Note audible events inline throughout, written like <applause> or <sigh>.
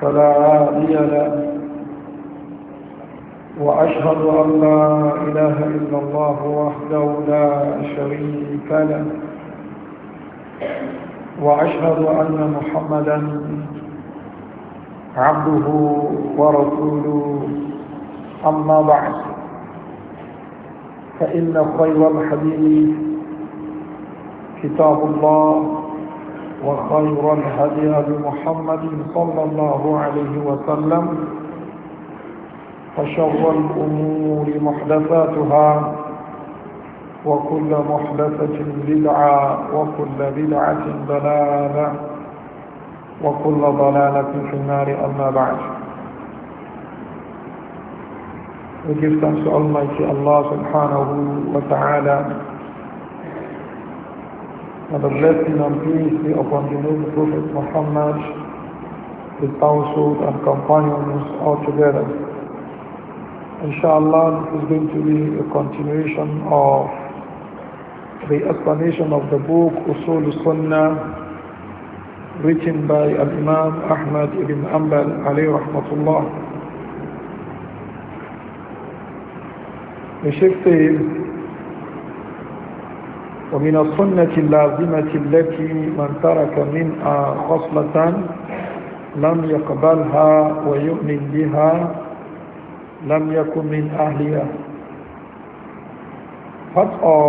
فلا هادي له وأشهد أن لا إله إلا الله وحده لا شريك له وأشهد أن محمدا عبده ورسوله أما بعد فإن خير الحديث كتاب الله وخير الهدي هدي محمد صلى الله عليه وسلم وشر الأمور محدثاتها وكل محدثة بدعة وكل بدعة ضلالة وكل ضلالة في النار أما بعد وجبت أن سؤال الله سبحانه وتعالى And the blessing and peace be upon the noble Prophet Muhammad, his household and companions all together. Inshallah, this is going to be a continuation of the explanation of the book Usul Sunnah written by Al-Imam Ahmad ibn Ambal alayhi rahmatullah. The Sheikh says, ومن السنة اللازمة التي من ترك منها خصلة لم يقبلها ويؤمن بها لم يكن من أهلها part of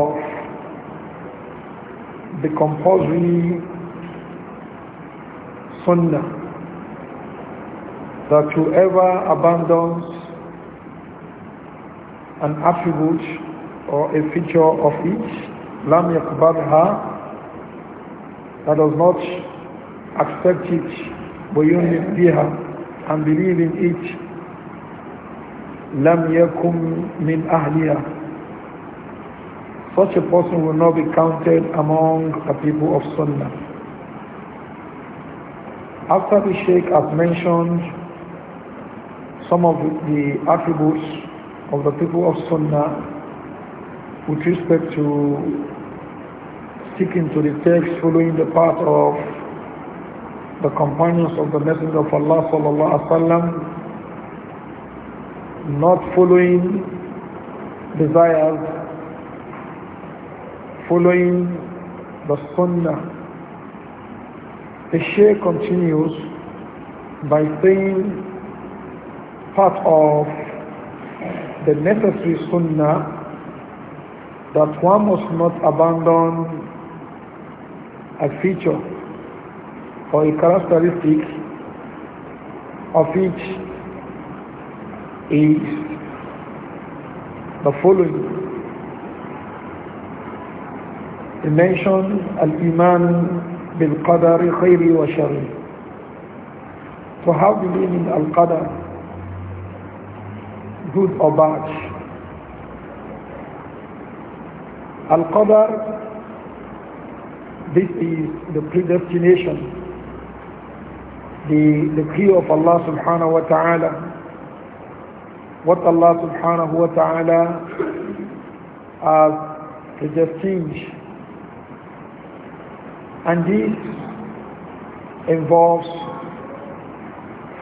the compulsory sunnah that whoever abandons an attribute or a feature of each Lam yakbadha, that does not accept it, buyumin biha, and believe in it, Lam yakum min ahliya. Such a person will not be counted among the people of Sunnah. After the Sheikh has mentioned some of the attributes of the people of Sunnah, with respect to sticking to the text, following the path of the companions of the Messenger of Allah sallallahu alaihi wasallam, not following desires, following the Sunnah. The Shaykh continues by saying part of the necessary Sunnah that one must not abandon a feature or a characteristic of each is the following. He mentioned Al-Iman bil-Qadar khayri wa shari. To so have Al-Qadar, good or bad, Al-Qadr, this is the predestination, the decree of Allah subhanahu wa ta'ala, what Allah subhanahu wa ta'ala has predestined. And this involves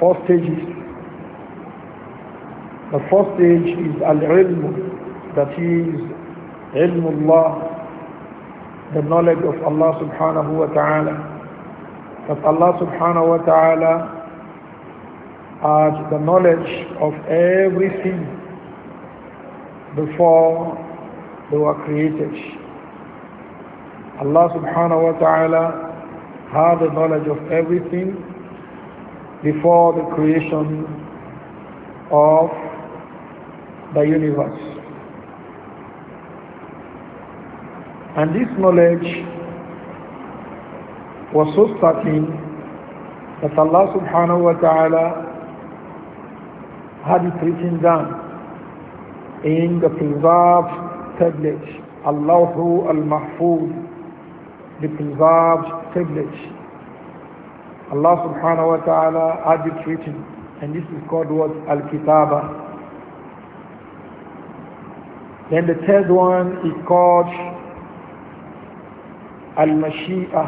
four stages. The first stage is al-ilm, that is ilmullah, the knowledge of Allah subhanahu wa ta'ala, that Allah subhanahu wa ta'ala has the knowledge of everything before they were created. Allah subhanahu wa ta'ala had the knowledge of everything before the creation of the universe. And this knowledge was so certain that Allah subhanahu wa ta'ala had it written down in the preserved tablet, Allahu al-Mahfuz, the preserved tablet. Allah subhanahu wa ta'ala had it written and this is called what? Al-Kitaba. Then the third one is called al-mashi'ah.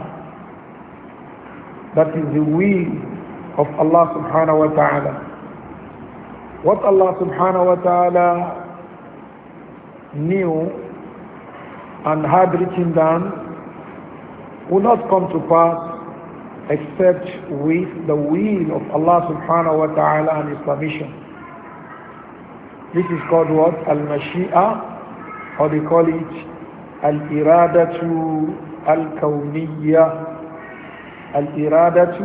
that is the will of Allah subhanahu wa ta'ala. What Allah subhanahu wa ta'ala knew and had written down will not come to pass except with the will of Allah subhanahu wa ta'ala and His permission. This is called what? Al-Mashi'a or they call it Al-Iradatu الكونية الإرادة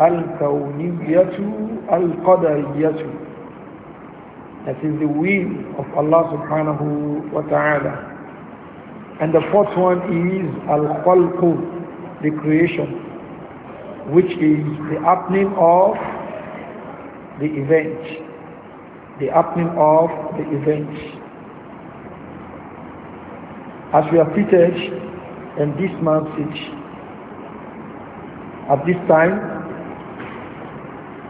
الكونية القدرية That is the will of Allah subhanahu wa ta'ala. And the fourth one is Al-Khalqu, the creation, which is the happening of the event. The happening of the event. As we have preached, and this message, At this time,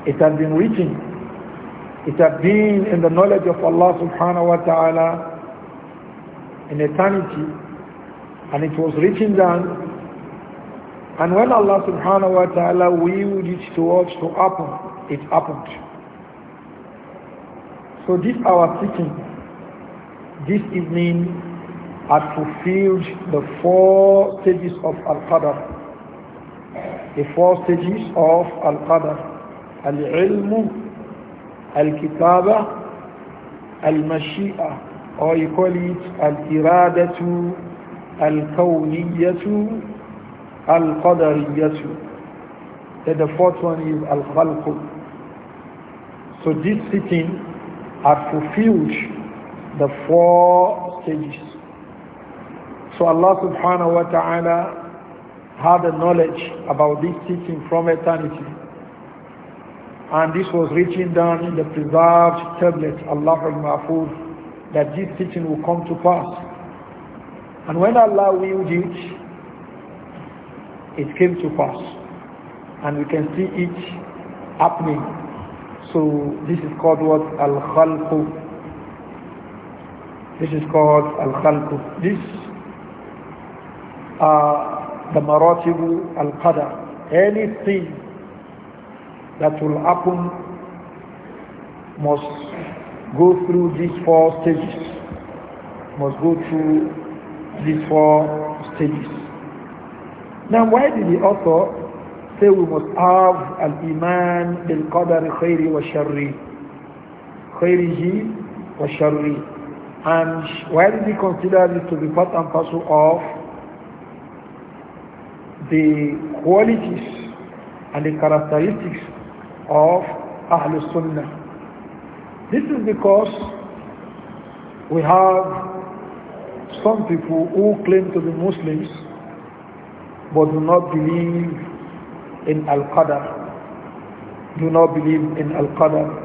it has been written. It has been in the knowledge of Allah subhanahu wa ta'ala in eternity. And it was written down. And when Allah subhanahu wa ta'ala willed it towards to happen, it happened. So this our teaching, this evening had fulfilled the four stages of Al-Qadr. The four stages of Al-Qadr. Al-Ilm, Al-Kitaba, Al-Mashi'a, or you call it Al-Iradatu, Al-Kawniyatu, Al-Qadariyatu. Then the fourth one is Al-Khalqu. So this sitting had fulfilled the four stages. So Allah subhanahu wa ta'ala had a knowledge about this teaching from eternity. And this was written down in the preserved tablet, Allah al-Mahfuz, that this teaching will come to pass. And when Allah willed it, it came to pass. And we can see it happening. So this is called what? Al-Khalqu. This is called Al-Khalqu. This the maratibu al-qadar. Anything that will happen must go through these four stages. Must go through these four stages. Now why did the author say we must have al-iman bil-qadar khairi, wa sharri? Khayrihi wa sharri. And why did he consider this to be part and parcel of the qualities and the characteristics of Ahlul Sunnah. This is because we have some people who claim to be Muslims but do not believe in Al-Qadr, do not believe in Al-Qadr.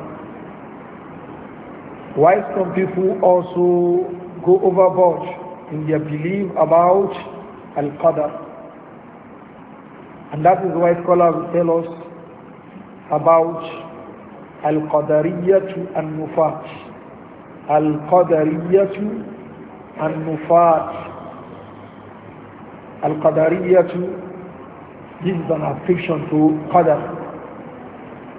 Why some people also go overboard in their belief about Al-Qadr. And that is why scholars tell us about Al-Qadariyatu An-Nufat. Al-Qadariyatu An-Nufat. Al-Qadariyatu this is an affliction to Qadar.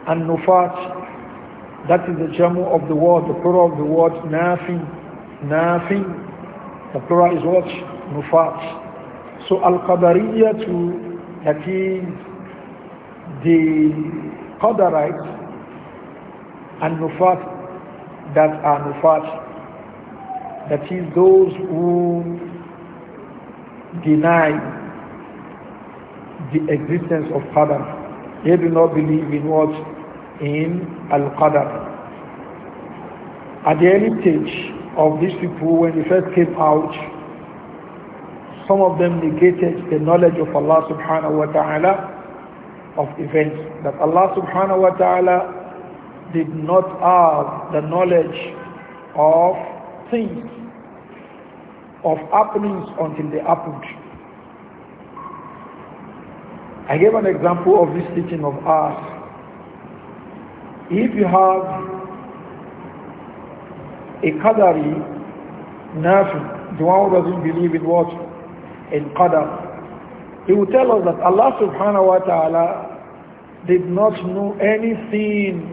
An-nufat. Nufat, that is the jamu of the word, the plural of the word Nothing, nothing. the plural is what? Nufat. So Al-Qadariyatu that is the Qadarites and Nufat that are Nufat. That is those who deny the existence of Qadar. They do not believe in what? In Al-Qadar. At the early stage of these people, when they first came out, some of them negated the knowledge of Allah subhanahu wa ta'ala of events. That Allah subhanahu wa ta'ala did not have the knowledge of things, of happenings until they happened. I gave an example of this teaching of us. If you have a Qadari, Nafi, the one who doesn't believe in what in Qadr. He will tell us that Allah subhanahu wa ta'ala did not know anything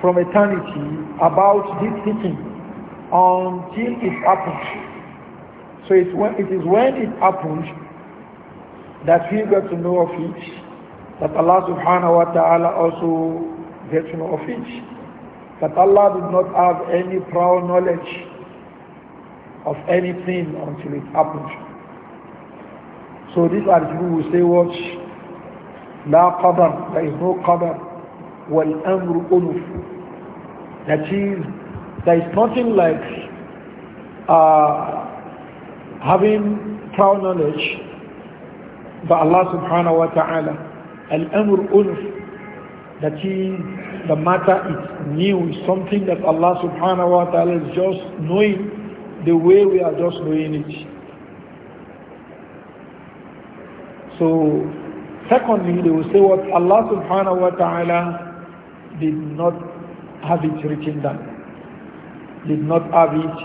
from eternity about this sitting until it happened. So it's when, it is when it happened that we got to know of it, that Allah subhanahu wa ta'ala also got to know of it, that Allah did not have any prior knowledge of anything until it happened. So these are the people who say what? لا قدر there is no qadar. Wal amru That is, there is nothing like uh, having proud knowledge by Allah subhanahu wa ta'ala. Al amru That is, the matter is new, is something that Allah subhanahu wa ta'ala is just knowing the way we are just knowing it. So, secondly, they will say what Allah subhanahu wa ta'ala did not have it written down. Did not have it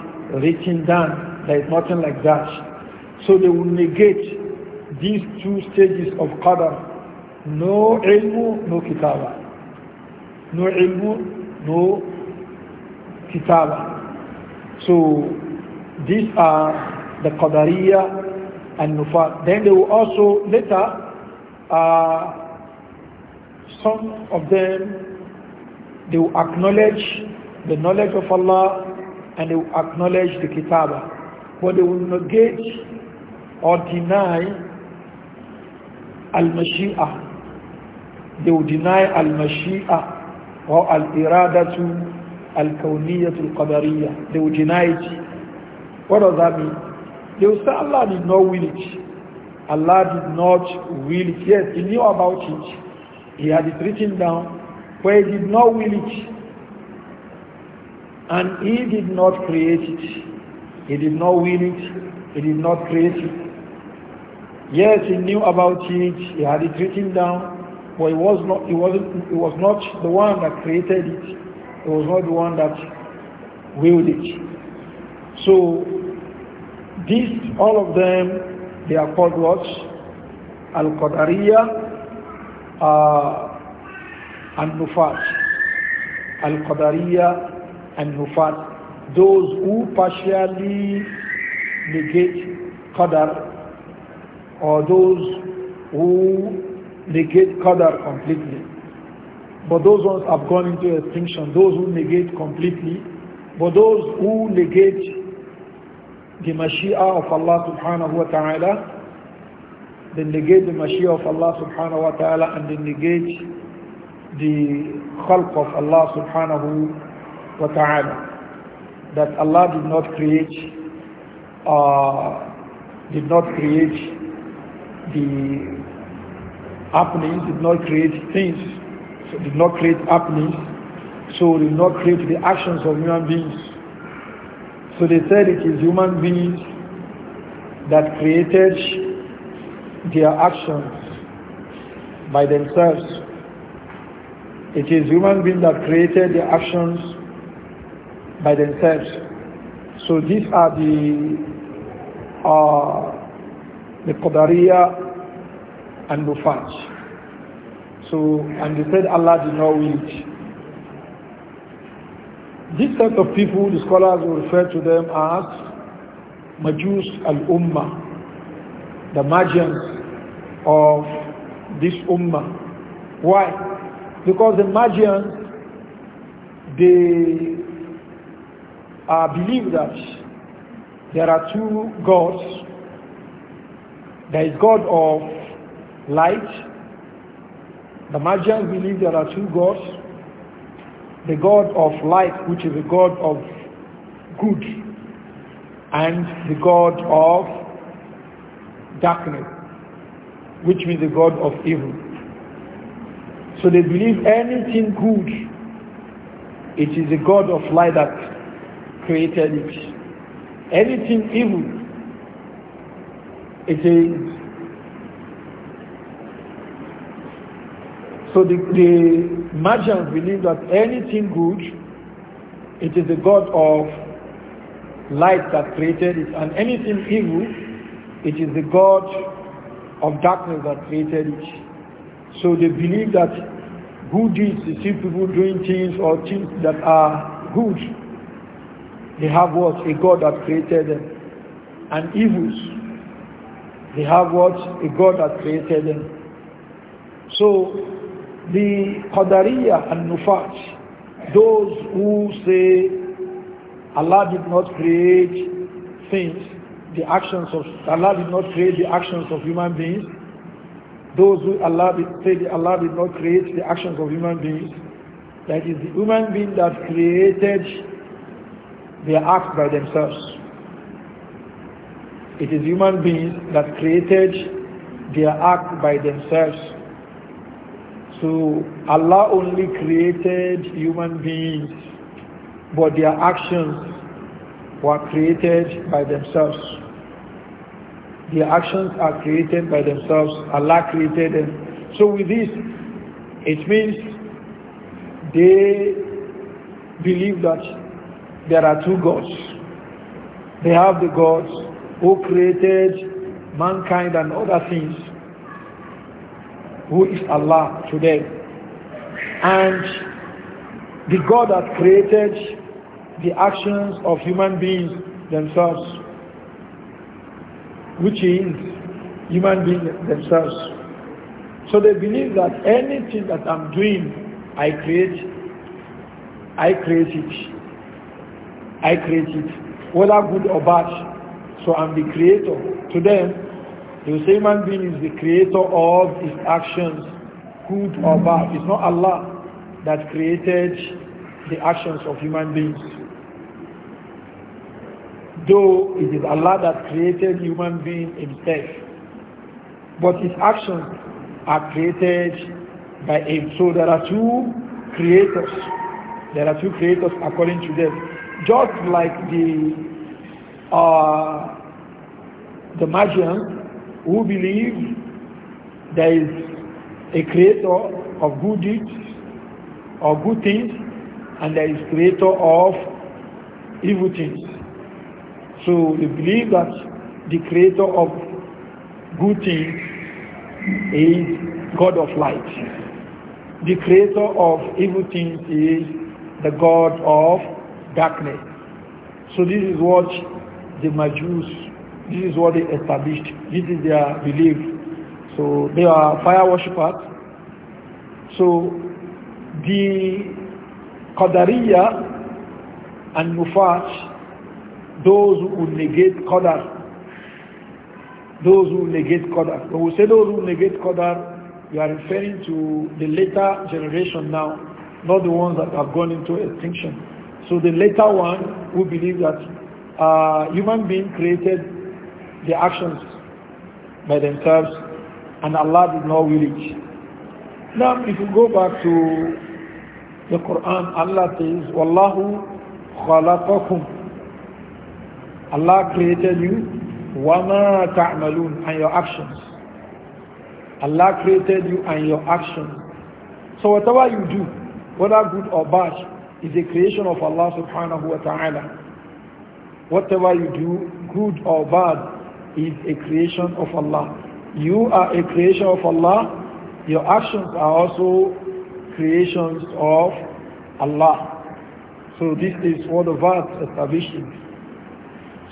written down. There is nothing like that. So they will negate these two stages of qadar. No ilmu, no kitaba. No ilmu, no kitaba. So these are the qadariya and Nufat. Then they will also later, uh, some of them, they will acknowledge the knowledge of Allah and they will acknowledge the Kitabah, But they will negate or deny Al-Mashi'ah. They will deny Al-Mashi'ah or Al-Iradatu Al-Kawniyatu Al-Qadariyah. They will deny it. What does that mean? They will say Allah did not will it. Allah did not will it. Yes, he knew about it. He had it written down. But he did not will it. And he did not create it. He did not will it. He did not create it. Yes, he knew about it. He had it written down. But he was not. He wasn't. He was not the one that created it. He was not the one that willed it. So these, all of them, they are called what? Al-Qadariya uh, and Nufat. Al-Qadariya and Nufat. Those who partially negate Qadar or those who negate Qadar completely. But those ones have gone into extinction. Those who negate completely. But those who negate the Mashiach of Allah subhanahu wa ta'ala, they negate the Mashiach of Allah subhanahu wa ta'ala and they negate the khalq of Allah subhanahu wa ta'ala. That Allah did not create, uh, did not create the happenings, did not create things, so did not create happenings, so did not create the actions of human beings. So they said it is human beings that created their actions by themselves. It is human beings that created their actions by themselves. So these are the uh, the Qadariya and Nufaj. So, and they said Allah did not will it. This set of people, the scholars will refer to them as Majus al-Ummah, the Magians of this Ummah. Why? Because the Magians, they uh, believe that there are two gods. There is God of light. The Magians believe there are two gods the God of light, which is the God of good, and the God of darkness, which means the God of evil. So they believe anything good, it is the God of light that created it. Anything evil, it is So the, the Magians believe that anything good, it is the God of light that created it, and anything evil, it is the God of darkness that created it. So they believe that good deeds, you see people doing things or things that are good, they have what? A God that created them. And evils, they have what? A God that created them. So the Qadariya and Nufat, those who say Allah did not create things, the actions of Allah did not create the actions of human beings, those who Allah did, say Allah did not create the actions of human beings, that is the human being that created their act by themselves. It is human beings that created their act by themselves. So Allah only created human beings, but their actions were created by themselves. Their actions are created by themselves. Allah created them. So with this, it means they believe that there are two gods. They have the gods who created mankind and other things who is Allah to them. And the God that created the actions of human beings themselves, which is human beings themselves. So they believe that anything that I'm doing, I create, I create it. I create it, whether good or bad. So I'm the creator. To them, you say human being is the creator of his actions, good or bad. It's not Allah that created the actions of human beings. Though it is Allah that created human being himself. But his actions are created by him. So there are two creators. There are two creators according to them. Just like the uh, the Magians, who believe there is a creator of good deeds or good things and there is creator of evil things. So they believe that the creator of good things is God of light. The creator of evil things is the God of darkness. So this is what the Majus this is what they established. This is their belief. So they are fire worshippers. So the Qadariya and Nufat, those who negate Qadar, those who negate Qadar. When we say those who negate Qadar, we are referring to the later generation now, not the ones that have gone into extinction. So the later one who believe that uh, human being created the actions by themselves and Allah did not will it. Now if you go back to the Quran, Allah says, Wallahu khalaqakum. Allah created you, wama ta'malun, and your actions. Allah created you and your actions. So whatever you do, whether good or bad, is a creation of Allah subhanahu wa ta'ala. Whatever you do, good or bad, is a creation of Allah. You are a creation of Allah. Your actions are also creations of Allah. So this is what the verse establishes.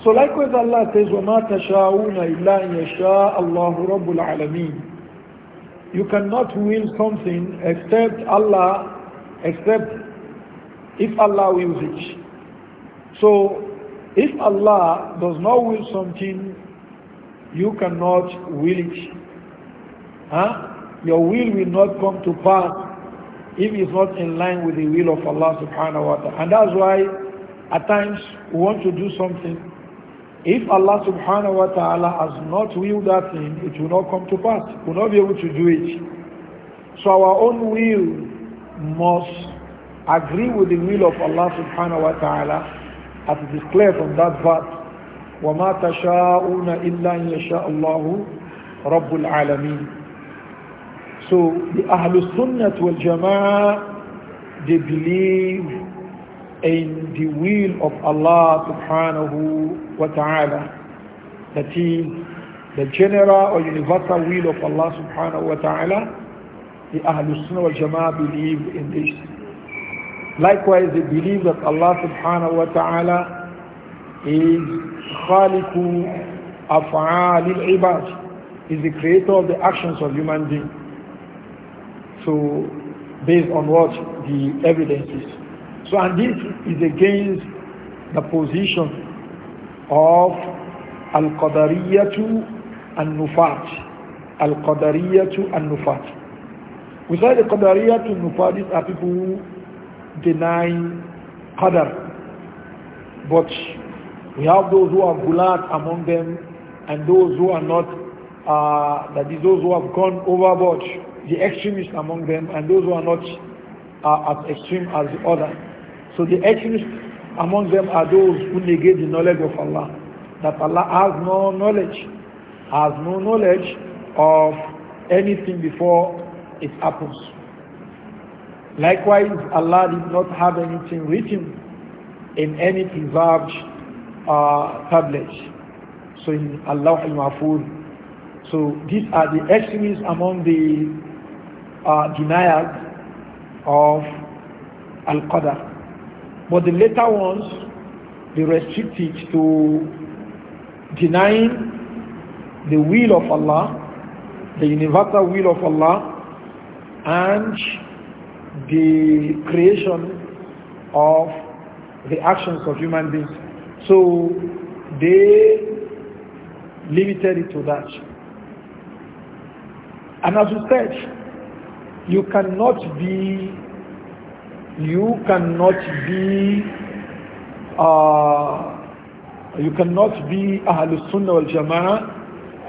So likewise Allah says, وَمَا تَشَاءُونَ إِلَّا إِنْ يَشَاءَ اللَّهُ رَبُّ الْعَالَمِينَ You cannot will something except Allah, except if Allah wills it. So if Allah does not will something, you cannot will it. Huh? Your will will not come to pass if it's not in line with the will of Allah subhanahu wa ta'ala. And that's why at times we want to do something. If Allah subhanahu wa ta'ala has not willed that thing, it will not come to pass. We will not be able to do it. So our own will must agree with the will of Allah subhanahu wa ta'ala as it is clear from that verse. وما تشاءون إلا أن يشاء الله رب العالمين So the Ahlul Sunnah wal Jama'ah they believe in the will of Allah subhanahu wa ta'ala that is the general or universal will of Allah subhanahu wa ta'ala the Ahlul Sunnah wal Jama'ah believe in this likewise they believe that Allah subhanahu wa ta'ala is khaliku af'alil ibad is the creator of the actions of human being so based on what the evidence is so and this is against the position of al-qadariyatu an-nufat al-qadariyatu an-nufat we say the qadariyatu an-nufat are people who deny qadar but we have those who are gulat among them and those who are not, uh, that is those who have gone overboard, the extremists among them and those who are not uh, as extreme as the other. So the extremists among them are those who negate the knowledge of Allah, that Allah has no knowledge, has no knowledge of anything before it happens. Likewise, Allah did not have anything written in any preserved uh, So in Allah al So these are the extremists among the uh, deniers of Al-Qadr. But the later ones, they restrict it to denying the will of Allah, the universal will of Allah, and the creation of the actions of human beings. So they limited it to that. And as you said, you cannot be, you cannot be, uh, you cannot be Ahlul Sunnah wal Jama'ah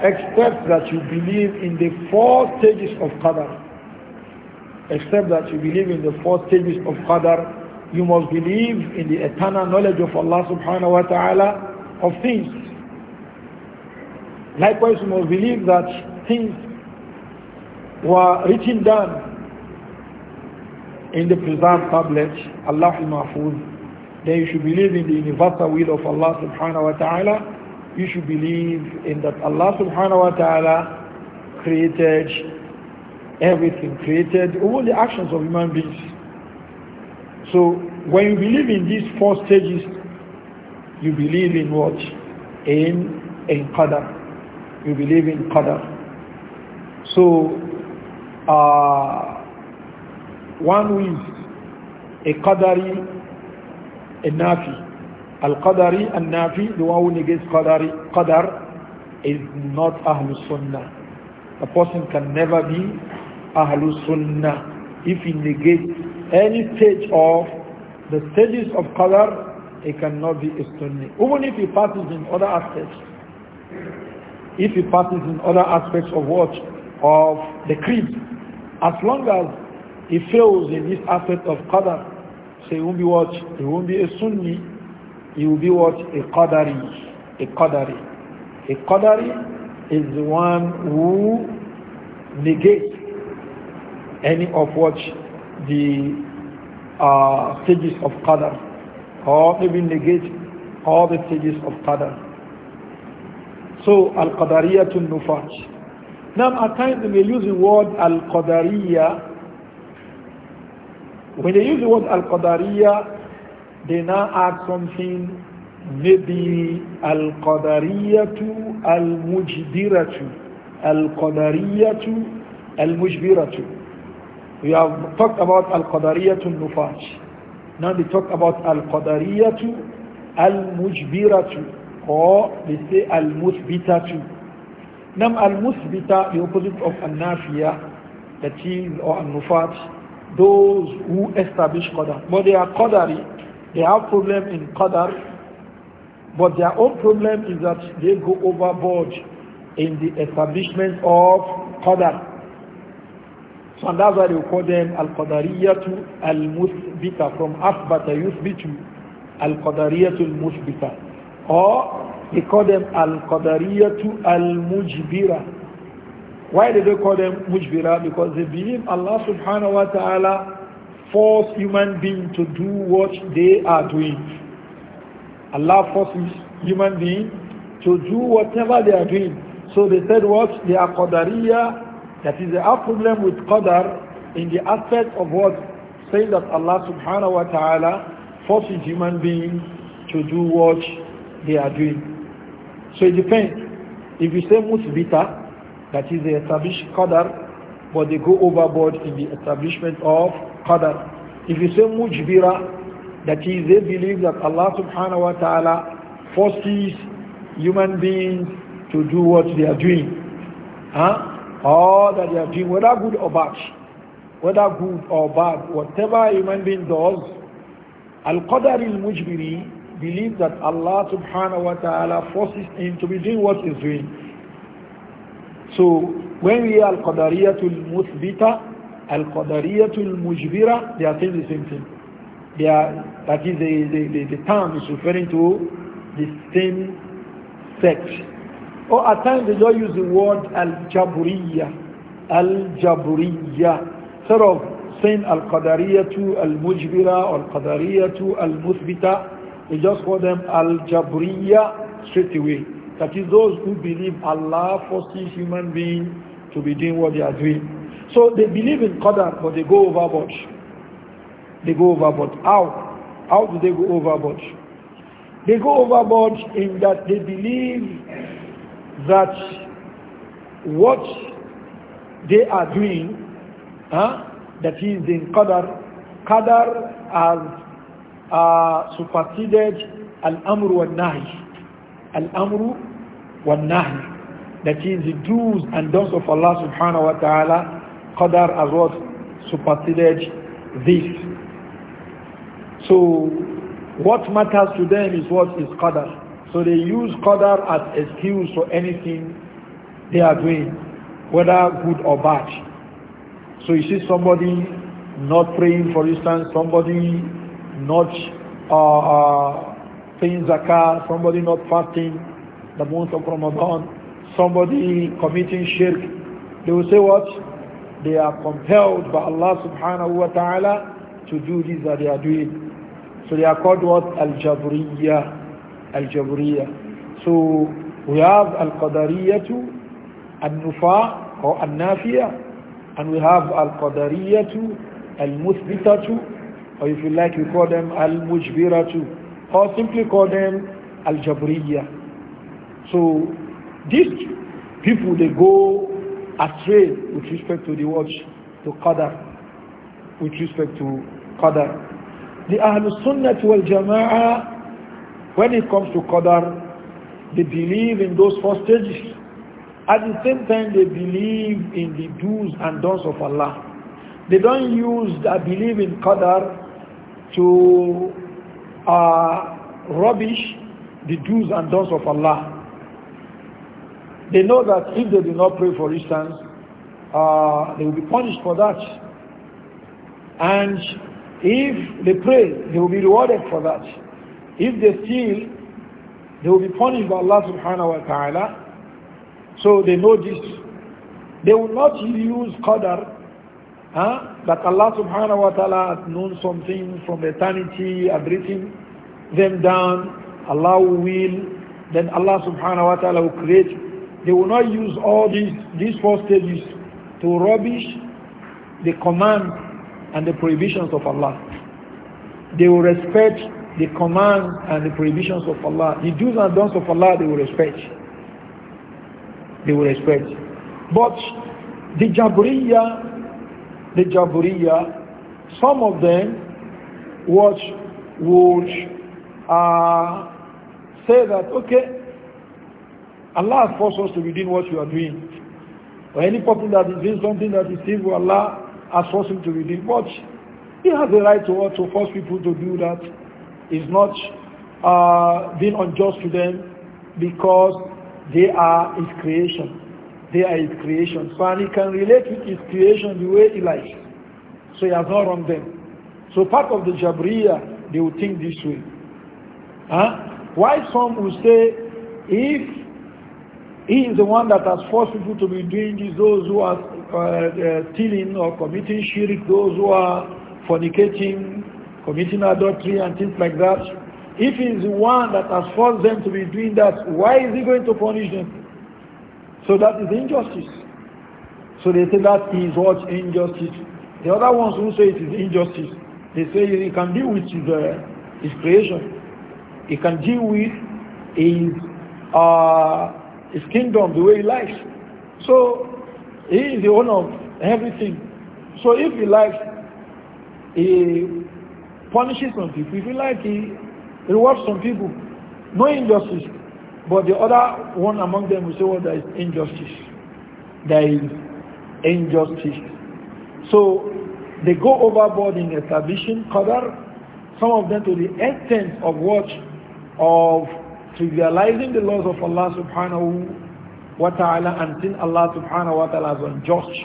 except that you believe in the four stages of Qadar. Except that you believe in the four stages of Qadar you must believe in the eternal knowledge of Allah subhanahu wa ta'ala of things. Likewise, you must believe that things were written down in the preserved tablet, Allah al-Mahfuz. Then you should believe in the universal will of Allah subhanahu wa ta'ala. You should believe in that Allah subhanahu wa ta'ala created everything, created all the actions of human beings. So when you believe in these four stages, you believe in what? In, in Qadar. You believe in Qadar. So uh, one who is a Qadari, a Nafi. Al-Qadari, Al-Nafi, the one who negates Qadari, is not a Sunnah. A person can never be a Sunnah if he negates any stage of the stages of qadar, it cannot be a sunni. Even if he passes in other aspects. If he passes in other aspects of what? Of the creed. As long as he fails in this aspect of qadar, so he won't be what? He won't be a sunni. He will be what? A qadari. A qadari. A qadari is the one who negates any of what the uh, stages of Qadr or maybe negate all the stages of Qadr. So Al-Qadariyah to Nufaj. Now at times they may use the word Al-Qadariyah. When they use the word Al-Qadariyah, they now add something maybe al qadariyatu al mujbiratu al qadariyatu Al-Mujbiratu. We have talked about Al-Qadariyatun Nufaj. Now we talk about Al-Qadariyatu Al-Mujbiratu or they say Al-Musbitatu. Now Al-Musbita, the opposite of Al-Nafiya, that is, or Al-Nufaj, those who establish Qadar. But they are Qadari. They have problem in Qadar but their own problem is that they go overboard in the establishment of Qadar. So and that's why they call them Al-Qadariyatu Al-Musbita from Asbata Yusbitu Al-Qadariyatu Al-Musbita. Or they call them Al-Qadariyatu Al-Mujbira. Why did they call them Mujbira? Because they believe Allah subhanahu wa ta'ala force human being to do what they are doing. Allah forces human being to do whatever they are doing. So they said what? They are Qadariya that is, our problem with qadar in the aspect of what saying that Allah subhanahu wa ta'ala forces human beings to do what they are doing. So it depends. If you say musbita, that is the established qadar, but they go overboard in the establishment of qadar. If you say mujbira, that is they believe that Allah subhanahu wa ta'ala forces human beings to do what they are doing. Huh? all that they are doing, whether good or bad, whether good or bad, whatever human being does, al qadr al-Mujbiri believes that Allah subhanahu wa ta'ala forces him to be doing what he's doing. So when we are Al-Qadariyatul Muthbita, Al-Qadariyatul Mujbira, they are saying the same thing. They are, that is the, the, the, the term is referring to the same sect or at times they don't use the word al jaburiya, al jaburiya, sort of saying al-qadariyatu al-mujbira or al-qadariyatu al-muthbita, they just call them al jaburiya straight away. That is those who believe Allah forces human beings to be doing what they are doing. So they believe in Qadar, but they go overboard. They go overboard. How? How do they go overboard? They go overboard in that they believe that what they are doing, huh, that is in Qadar, Qadar has uh, superseded Al-Amr wa Nahi. Al-Amru wa Nahi. That is the do's and don'ts of Allah subhanahu wa ta'ala. Qadar has what superseded this. So what matters to them is what is Qadar. So they use qadar as excuse for anything they are doing, whether good or bad. So you see somebody not praying, for instance, somebody not uh, uh, paying zakah, somebody not fasting the month of Ramadan, somebody committing shirk, they will say what? They are compelled by Allah subhanahu wa ta'ala to do this that they are doing. So they are called what? Al-Jabriyyah al Jaburiya. So we have al-Qadariyatu, al-Nufa or al and we have al-Qadariyatu, al-Muthbitatu, or if you like you call them al-Mujbiratu, or simply call them al jaburiya So these people, they go astray with respect to the watch, to Qadar, with respect to Qadar. The Ahlus Sunnah wal Jama'ah when it comes to Qadar, they believe in those four stages. At the same time, they believe in the do's and don'ts of Allah. They don't use their belief in Qadar to uh, rubbish the do's and don'ts of Allah. They know that if they do not pray, for instance, uh, they will be punished for that. And if they pray, they will be rewarded for that. If they steal, they will be punished by Allah subhanahu wa ta'ala. So they know this. They will not use qadar huh? that Allah subhanahu wa ta'ala has known something from eternity and written them down. Allah will, then Allah subhanahu wa ta'ala will create. They will not use all these, these four stages to rubbish the command and the prohibitions of Allah. They will respect the commands and the prohibitions of Allah, the do's and don'ts of Allah, they will respect. They will respect. But the Jabriya, the Jabriya, some of them what would uh, say that, okay, Allah has forced us to be doing what you are doing. Or any person that is doing something that is evil, Allah has forced him to be doing. But he has the right to, to force people to do that is not uh, being unjust to them because they are his creation. They are his creation. So and he can relate with his creation the way he likes. So he has not wronged them. So part of the Jabriya, they will think this way. Huh? Why some will say, if he is the one that has forced people to be doing this, those who are uh, uh, stealing or committing shirk, those who are fornicating, committing adultery and things like that, if he is the one that has forced them to be doing that, why is he going to punish them? So that is injustice. So they say that is what injustice. The other ones who say it is injustice, they say he can deal with his, uh, his creation. He can deal with his, uh, his kingdom, the way he likes. So he is the owner of everything. So if he likes, he punishes some people. If you like, he rewards some people. No injustice. But the other one among them will say, well, there is injustice. There is injustice. So they go overboard in establishing qadar, some of them to the extent of what? Of trivializing the laws of Allah subhanahu wa ta'ala and seeing Allah subhanahu wa ta'ala as unjust.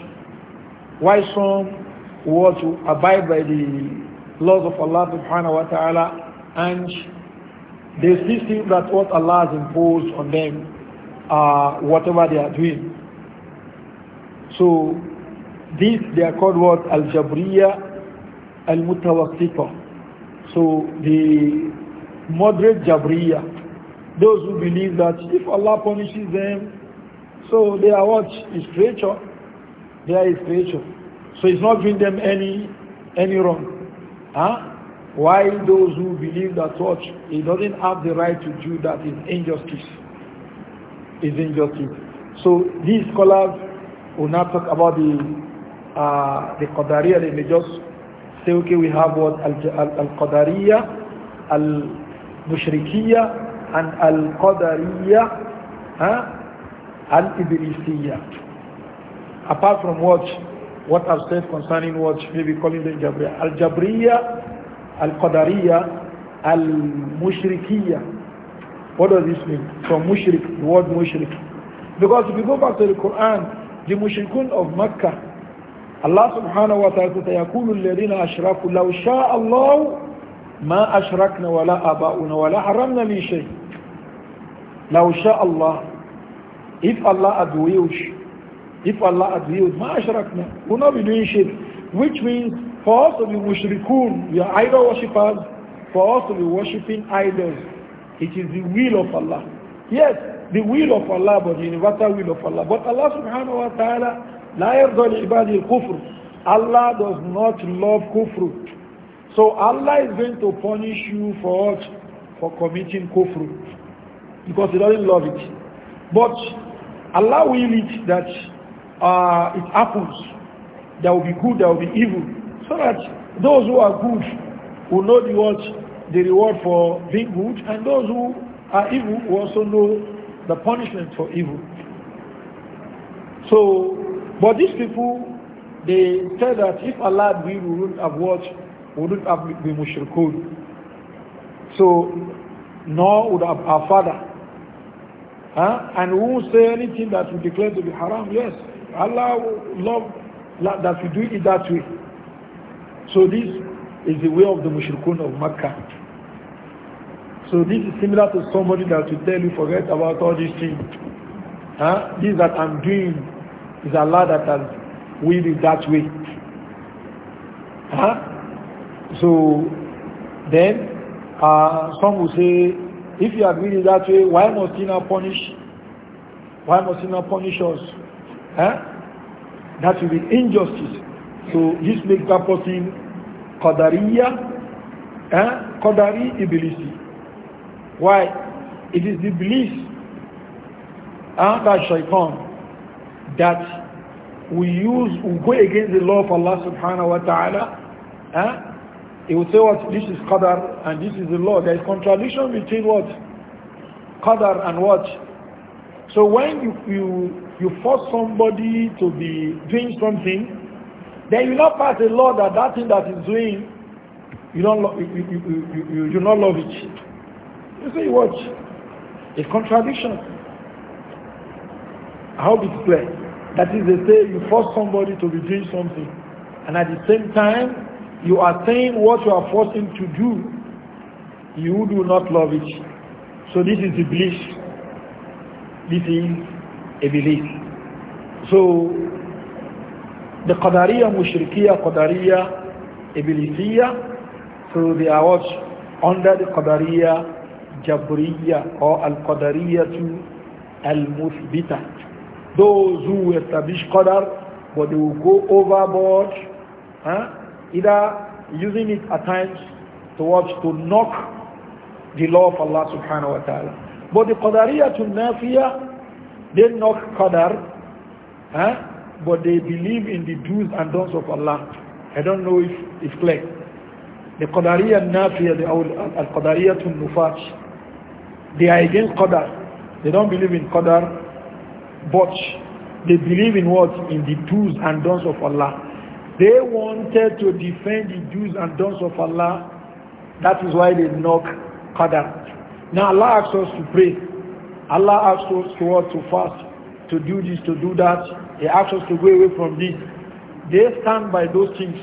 Why some want to abide by the laws of Allah subhanahu wa ta'ala and they still that what Allah has imposed on them uh, whatever they are doing. So this they are called what Al Jabriya Al Mutawakkita. So the moderate Jabriya, those who believe that if Allah punishes them, so they are what is His creature. They are his creature. So it's not doing them any any wrong. Huh? Why those who believe that what he doesn't have the right to do that is injustice. Is injustice. So these scholars will not talk about the uh, the Qadariya. They may just say, okay, we have what al, al Qadariya, al Mushrikiya, and al Qadariya, huh? al Iblisiyya. Apart from what what I've said concerning what maybe calling them Jabriya. Al Jabriya, Al Qadariya, Al Mushrikiya. What does this mean? From Mushrik, the word Mushrik. Because if you go back to the Quran, the Mushrikun of Makkah, Allah subhanahu wa ta'ala يقول الذين أشركوا لو شاء الله ما أشركنا ولا أباؤنا ولا حرمنا من شيء لو شاء الله if Allah had wished if Allah agrees, ma'asharakna, we'll not be doing shirk. Which means for us to be mushrikun, we are idol worshippers, for us to be worshipping idols, it is the will of Allah. Yes, the will of Allah, but the universal will of Allah. But Allah subhanahu wa ta'ala, la yardali ibadi kufr Allah does not love kufr. So Allah is going to punish you for For committing kufr. Because he doesn't love it. But Allah will it that uh, it happens. There will be good, there will be evil. So that those who are good will know the what the reward for being good, and those who are evil will also know the punishment for evil. So, but these people, they tell that if Allah be, we wouldn't have watched, we wouldn't have been mushrikun. So, nor would have our father. Huh? And who won't say anything that we declare to be haram, yes, Allah love that we do it that way. So this is the way of the mushrikun of Makkah. So this is similar to somebody that will tell you forget about all these things. Huh? This that I'm doing is Allah that has willed it that way. Huh? So then uh, some will say, if you agree that way, why must he not punish? Why must he not punish us? Huh? That will be injustice. So this makes that person Qadariya, eh? Qadari Iblisi. Why? It is the belief and that shaitan that we use, we go against the law of Allah subhanahu wa ta'ala. Eh? He will say what? This is Qadar and this is the law. There is contradiction between what? Qadar and what? So when you, you you force somebody to be doing something, then you not pass a law that that thing that is doing, you don't you, you, you, you, not love it. You say what? It's contradiction. I hope it's clear. That is, they say you force somebody to be doing something, and at the same time, you are saying what you are forcing to do, you do not love it. So this is the bliss. This is a belief. So the Qadariya Mushrikiya, Qadariya Ibilisiya, so they are what? Under the Qadariya Jabriya or Al-Qadariya to al Musbita. Those who establish Qadar, but they will go overboard, huh? either using it at times towards to knock the law of Allah subhanahu wa ta'ala. But the Qadariya to Nafiya, they knock Qadar, huh? but they believe in the do's and don'ts of Allah. I don't know if it's clear. The Qadariya Nafiya, Al-Qadariya Nufaj, they are against Qadar. They don't believe in Qadar, but they believe in what? In the do's and don'ts of Allah. They wanted to defend the do's and don'ts of Allah. That is why they knock Qadar. Now Allah asks us to pray. Allah asks us to, to fast, to do this, to do that. He asks us to go away from this. They stand by those things.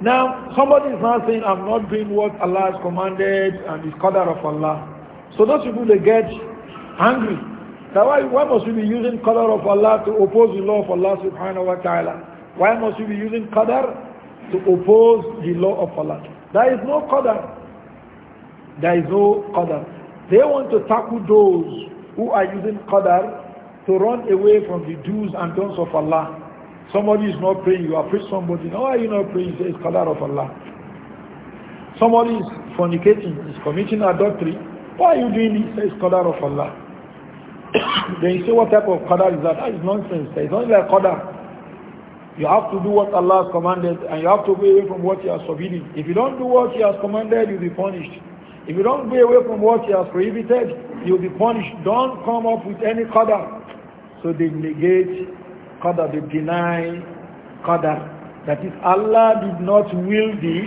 Now, somebody is not saying, I'm not doing what Allah has commanded and is qadar of Allah. So those people, they get angry. That why, why must we be using qadar of Allah to oppose the law of Allah subhanahu wa ta'ala? Why must we be using qadar to oppose the law of Allah? There is no qadar. There is no qadar. They want to tackle those who are using qadar to run away from the do's and don'ts of Allah. Somebody is not praying, you approach somebody, why are you not praying? It's qadar of Allah. Somebody is fornicating, is committing adultery, why are you doing this? It's qadar of Allah. <coughs> then you say, what type of qadar is that? That is nonsense. It's not like qadar. You have to do what Allah has commanded and you have to be away from what He has forbidden. If you don't do what He has commanded, you'll be punished. If you don't be away from what you are prohibited, you'll be punished. Don't come up with any qadar. So they negate qadar, they deny qadar. That is, Allah did not will this,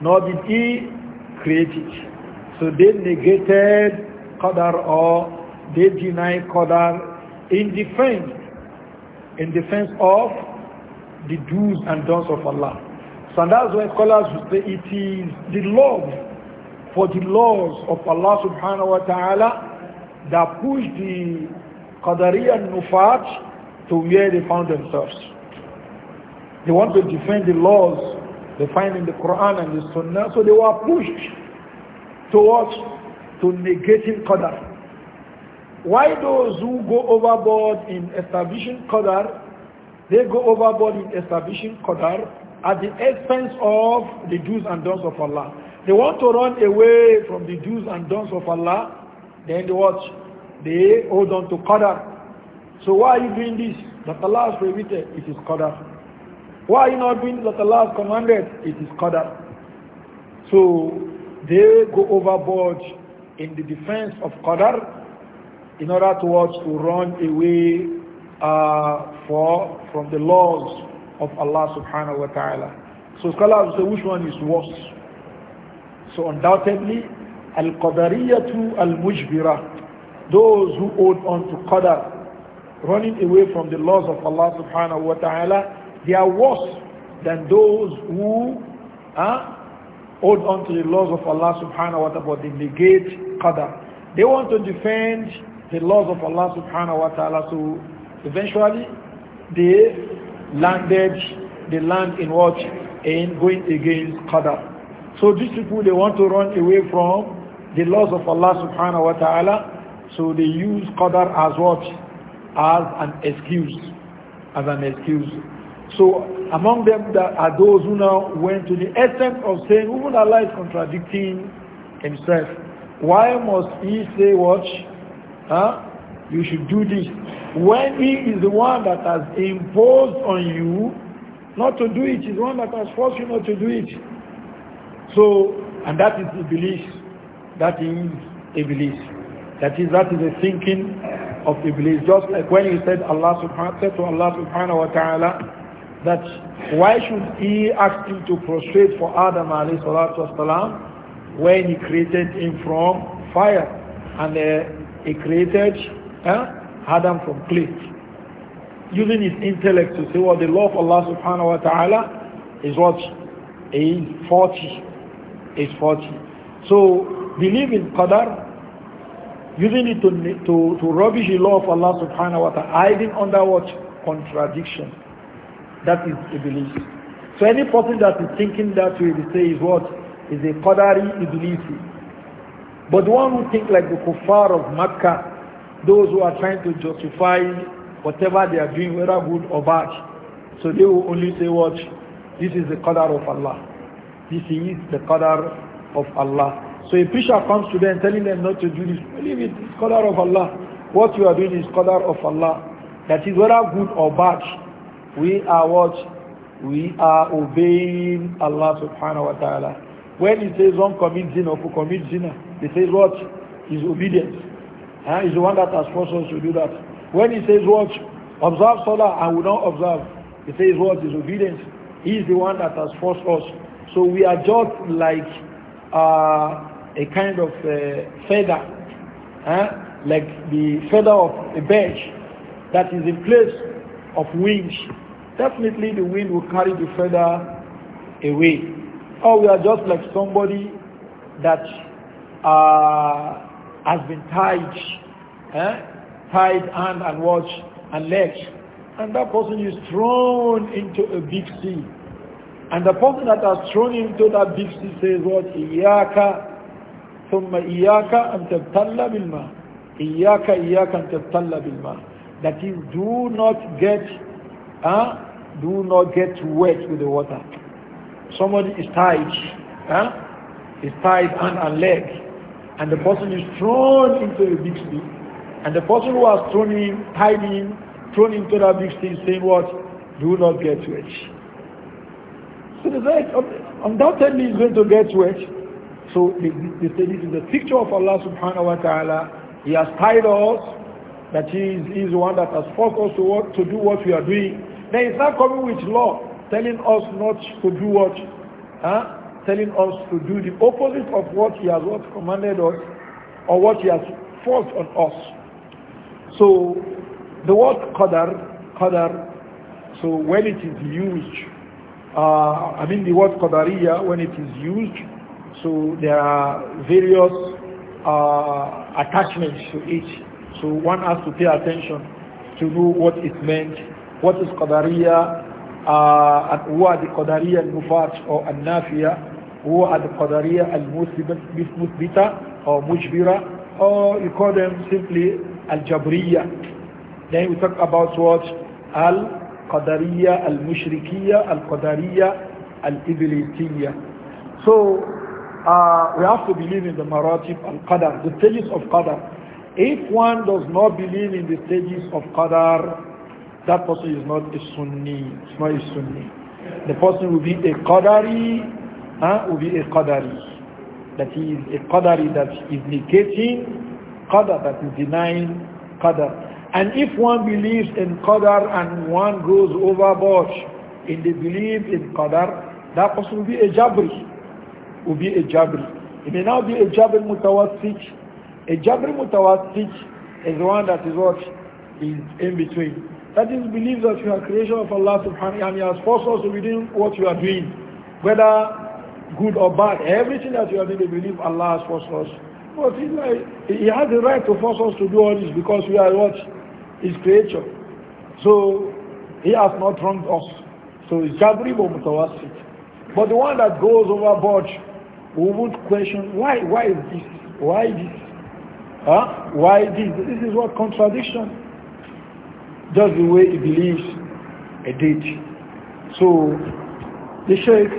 nor did He create it. So they negated qadar or they deny qadar in defense, in defense of the do's and don'ts of Allah. So that's why scholars say it is the love for the laws of Allah subhanahu wa ta'ala that push the Qadariya Nufat to where they found themselves. They want to defend the laws they find in the Quran and the Sunnah, so they were pushed towards to negating Qadar. Why those who go overboard in establishing Qadar, they go overboard in establishing Qadar at the expense of the Jews and dogs of Allah. They want to run away from the do's and don'ts of Allah, then they watch. They hold on to Qadar. So why are you doing this? That Allah has prohibited, it is Qadar. Why are you not doing that Allah has commanded? It is Qadar. So they go overboard in the defense of Qadar in order to watch to run away uh, for, from the laws of Allah subhanahu wa ta'ala. So scholars say which one is worse? So undoubtedly, Al-Qadariyatu Al-Mujbira, those who hold on to Qadar, running away from the laws of Allah subhanahu wa ta'ala, they are worse than those who huh, hold on to the laws of Allah subhanahu wa ta'ala, but they negate Qadar. They want to defend the laws of Allah subhanahu wa ta'ala, so eventually they landed, they land in what? In going against Qadar. So these people, they want to run away from the laws of Allah subhanahu wa ta'ala. So they use qadar as what? As an excuse. As an excuse. So among them are those who now went to the extent of saying, even Allah is contradicting himself. Why must he say what? Huh? You should do this. When he is the one that has imposed on you not to do it, he's the one that has forced you not to do it. So, and that is the belief. That is a belief. That is, that is the thinking of the belief. Just like when he said, Allah subhanahu, said to Allah subhanahu wa ta'ala, that why should he ask him to prostrate for Adam alayhi salatu wasalam when he created him from fire and uh, he created uh, Adam from clay using his intellect to say well the law of Allah subhanahu wa ta'ala is What what is 40 is 40. So believe in Qadar, using it to, to, to rubbish the law of Allah subhanahu wa ta'ala, hiding under what? Contradiction. That is a belief. So any person that is thinking that way, they say is what? Is a Qadari Iblisi. But the one who think like the kuffar of Makkah, those who are trying to justify whatever they are doing, whether good or bad, so they will only say what? This is the Qadar of Allah. This is the qadar of Allah. So a preacher comes to them telling them not to do this. Believe it, it's qadar of Allah. What you are doing is qadar of Allah. That is whether good or bad, we are what? We are obeying Allah subhanahu wa ta'ala. When he says one commit zina, who commit zina, he says what? He's obedient. Huh? He's the one that has forced us to do that. When he says what? Observe salah and will not observe. He says what? obedience. He is the one that has forced us so we are just like uh, a kind of uh, feather, like the feather of a bird that is in place of wings. Definitely the wind will carry the feather away. Or we are just like somebody that uh, has been tied, tied hand and watch and legs. And that person is thrown into a big sea. And the person that has thrown him into that ditch, sea says what? Iyaka, thumma iyaka an tabtalla bilma. Iyaka, iyaka an tabtalla bilma. That is, do not get, ah, do not get wet with the water. Somebody is tied, huh? is tied hand and leg, and the person is thrown into a big sea. And the person who has thrown him, tied him, thrown into that big sea, saying what? Do not get wet. So the right um, undoubtedly is going to get wet. So they, this is the picture of Allah subhanahu wa ta'ala. He has tied us, that he is, he is the one that has forced us to, work, to do what we are doing. Then he's not coming with law, telling us not to do what? Huh? Telling us to do the opposite of what he has what commanded us or what he has forced on us. So the word qadar, qadar, so when it is used uh, I mean the word Qadariya when it is used, so there are various uh, attachments to it. So one has to pay attention to know what it meant, what is Qadariya, uh, and who are the Qadariya al-Nufat or al-Nafiya, who are the Qadariya al or Mujbira, or you call them simply al-Jabriya. Then we talk about what? Al- so uh, we have to believe in the maratib al-qadar the stages of qadar if one does not believe in the stages of qadar that person is not a sunni it's not a sunni the person will be a qadari huh? will be a qadari that is a qadari that is negating qadar that is denying qadar and if one believes in Qadar and one goes overboard in the belief in Qadar, that person will be a Jabri. Will be a Jabri. It may now be a Jabri Mutawassit. A Jabri Mutawassit is the one that is what is in between. That is belief that you are creation of Allah subhanahu wa ta'ala and He has forced us to be what you are doing, whether good or bad. Everything that you are doing, they believe Allah has forced us. But like, He has the right to force us to do all this because we are what? his creation, So he has not wronged us. So it's Jabrib or But the one that goes overboard, we would question why, why is this? Why this? Huh? Why this? This is what contradiction. Just the way he believes a did. So the Shaykh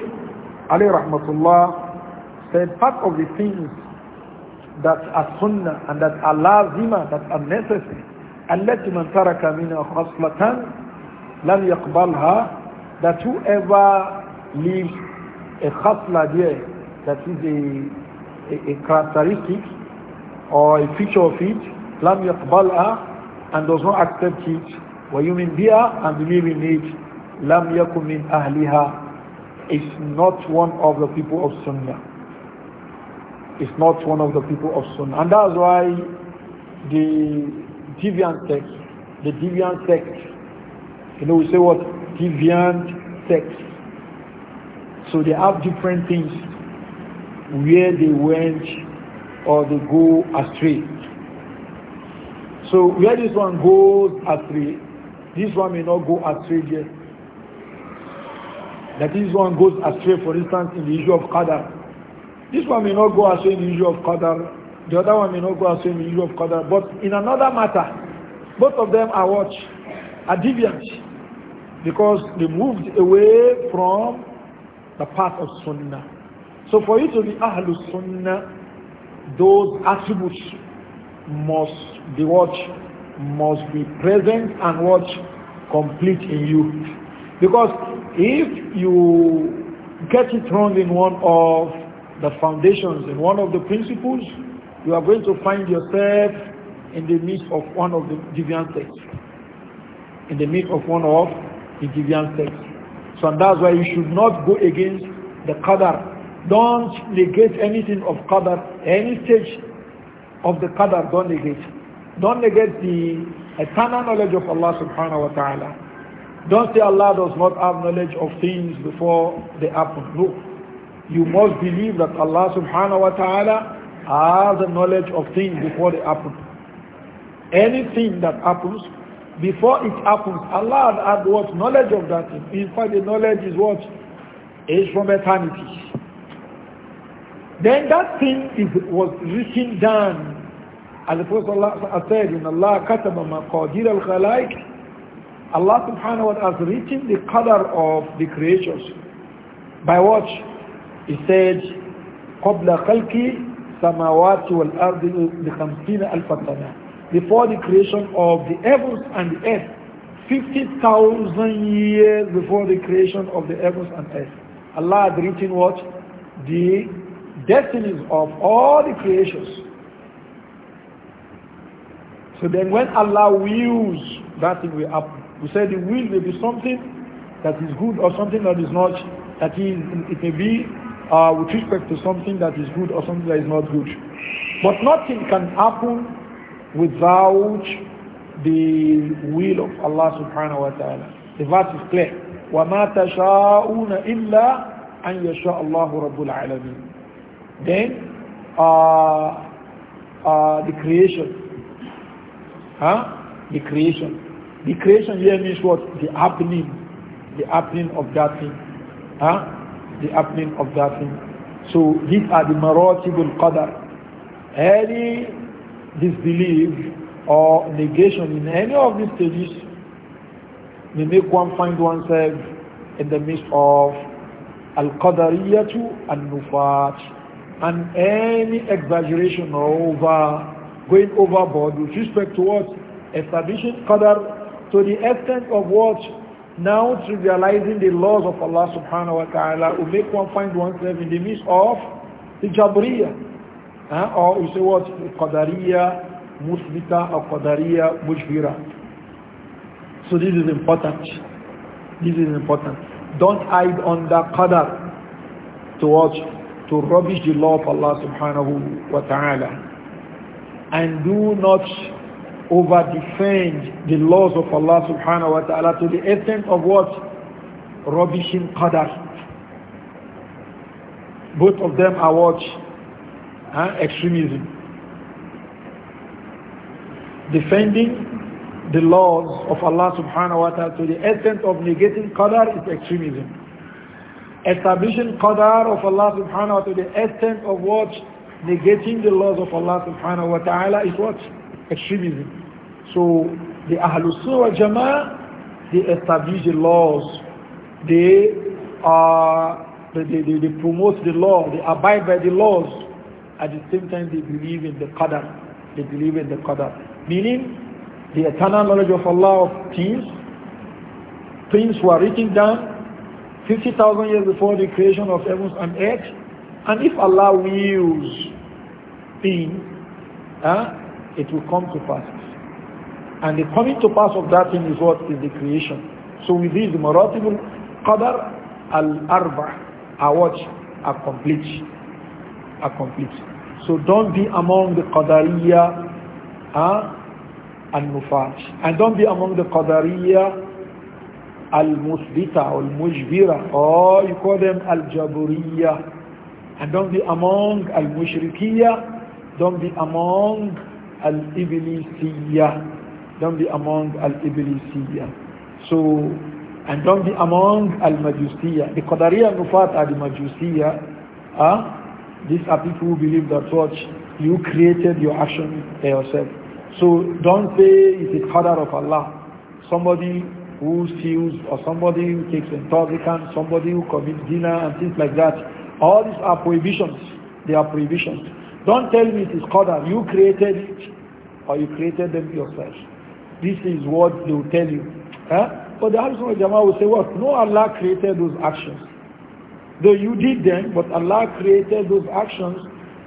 Ali Rahmatullah said part of the things that are sunnah and that are lazima, that are necessary التي من ترك منها خصلة لم يقبلها that whoever leaves a khasla there that is a, a, a characteristic or a feature of it لم يقبلها and does not accept it ويؤمن بها and believe in it لم يكن من أهلها is not one of the people of Sunnah is not one of the people of Sunnah and that's why the deviant sex. The deviant sex. You know, we say what? Deviant sex. So they have different things where they went or they go astray. So where this one goes astray, this one may not go astray yet. That this one goes astray, for instance, in the issue of Qadar. This one may not go astray in the issue of Qadar the other one may not go and same in Europe, Qadar. But in another matter, both of them are what? Are deviant. Because they moved away from the path of Sunnah. So for you to be Ahlul Sunnah, those attributes must be what? Must be present and what? Complete in you. Because if you get it wrong in one of the foundations, in one of the principles, you are going to find yourself in the midst of one of the deviant sects. In the midst of one of the deviant sects. So and that's why you should not go against the qadar. Don't negate anything of qadar. Any stage of the qadar, don't negate. Don't negate the eternal knowledge of Allah subhanahu wa ta'ala. Don't say Allah does not have knowledge of things before they happen. No. You must believe that Allah subhanahu wa ta'ala has a knowledge of things before they happen. Anything that happens, before it happens, Allah had, what knowledge of that thing. In fact, the knowledge is what is from eternity. Then that thing is, was written down. As the Prophet Allah said, in Allah kataba maqadir al-khalaik, Allah subhanahu wa ta'ala has written the color of the creatures. By what? He said, قَبْلَ خَلْقِ samawati wal ardi bi khamsina alf before the creation of the heavens and the earth 50,000 years before the creation of the heavens and earth Allah had written what the destinies of all the creations so then when Allah wills that thing will happen we say the will may be something that is good or something that is not that is it may be uh, with respect to something that is good or something that is not good. But nothing can happen without the will of Allah subhanahu wa ta'ala. The verse is clear. وَمَا تَشَاءُونَ إِلَّا أَنْ يَشَاءَ اللَّهُ رَبُّ الْعَالَمِينَ Then, uh, uh, the creation. Huh? The creation. The creation here means what? The happening. The happening of that thing. Huh? the happening of that thing. So these are the marotibul qadar. Any disbelief or negation in any of these stages may make one find oneself in the midst of al-qadariyatu and nufat and any exaggeration or over going overboard with respect to what establishing qadar to the extent of what now trivializing the laws of Allah subhanahu wa ta'ala will make one find oneself in the midst of the Jabriya. Huh? Or we say what? Qadariya, Musbita, or Qadariya, Mujbira. So this is important. This is important. Don't hide under Qadar to watch, to rubbish the law of Allah subhanahu wa ta'ala. And do not over defend the laws of Allah subhanahu wa ta'ala to the extent of what? Rubbishing qadar. Both of them are what? Huh? Extremism. Defending the laws of Allah subhanahu wa ta'ala to the extent of negating qadar is extremism. Establishing qadar of Allah subhanahu wa ta'ala to the extent of what? Negating the laws of Allah subhanahu wa ta'ala is what? extremism. So the Ahlus Sunnah Jama'ah, they establish the laws. They, are they, they, they, promote the law. They abide by the laws. At the same time, they believe in the Qadr. They believe in the Qadr. Meaning, the eternal knowledge of Allah of things. Things were written down 50,000 years before the creation of heavens and earth. And if Allah wills things, huh, it will come to pass. And the coming to pass of that thing is what is the creation. So with this, the maratibul qadar al-arba are watch, Are complete. Are complete. So don't be among the qadariya huh? al-nufaj. And don't be among the qadariya al-musbita or al-mujbira. Or oh, you call them al-jaburiya. And don't be among al-mushrikiya. Don't be among al-Iblisiyya. Don't be among al-Iblisiyya. So, and don't be among al-Majusiyya. The Qadariya Nufat are the Majusiyya. Huh? Ah, these are people who believe that what you created your action yourself. So don't say it's a qadar of Allah. Somebody who steals or somebody who takes intoxicant, somebody who commits dinner and things like that. All these are prohibitions. They are prohibitions. Don't tell me it is Qadar. You created it or you created them yourself. This is what they will tell you. Huh? But the Ahlul Jama'ah will say what? No, Allah created those actions. Though you did them, but Allah created those actions.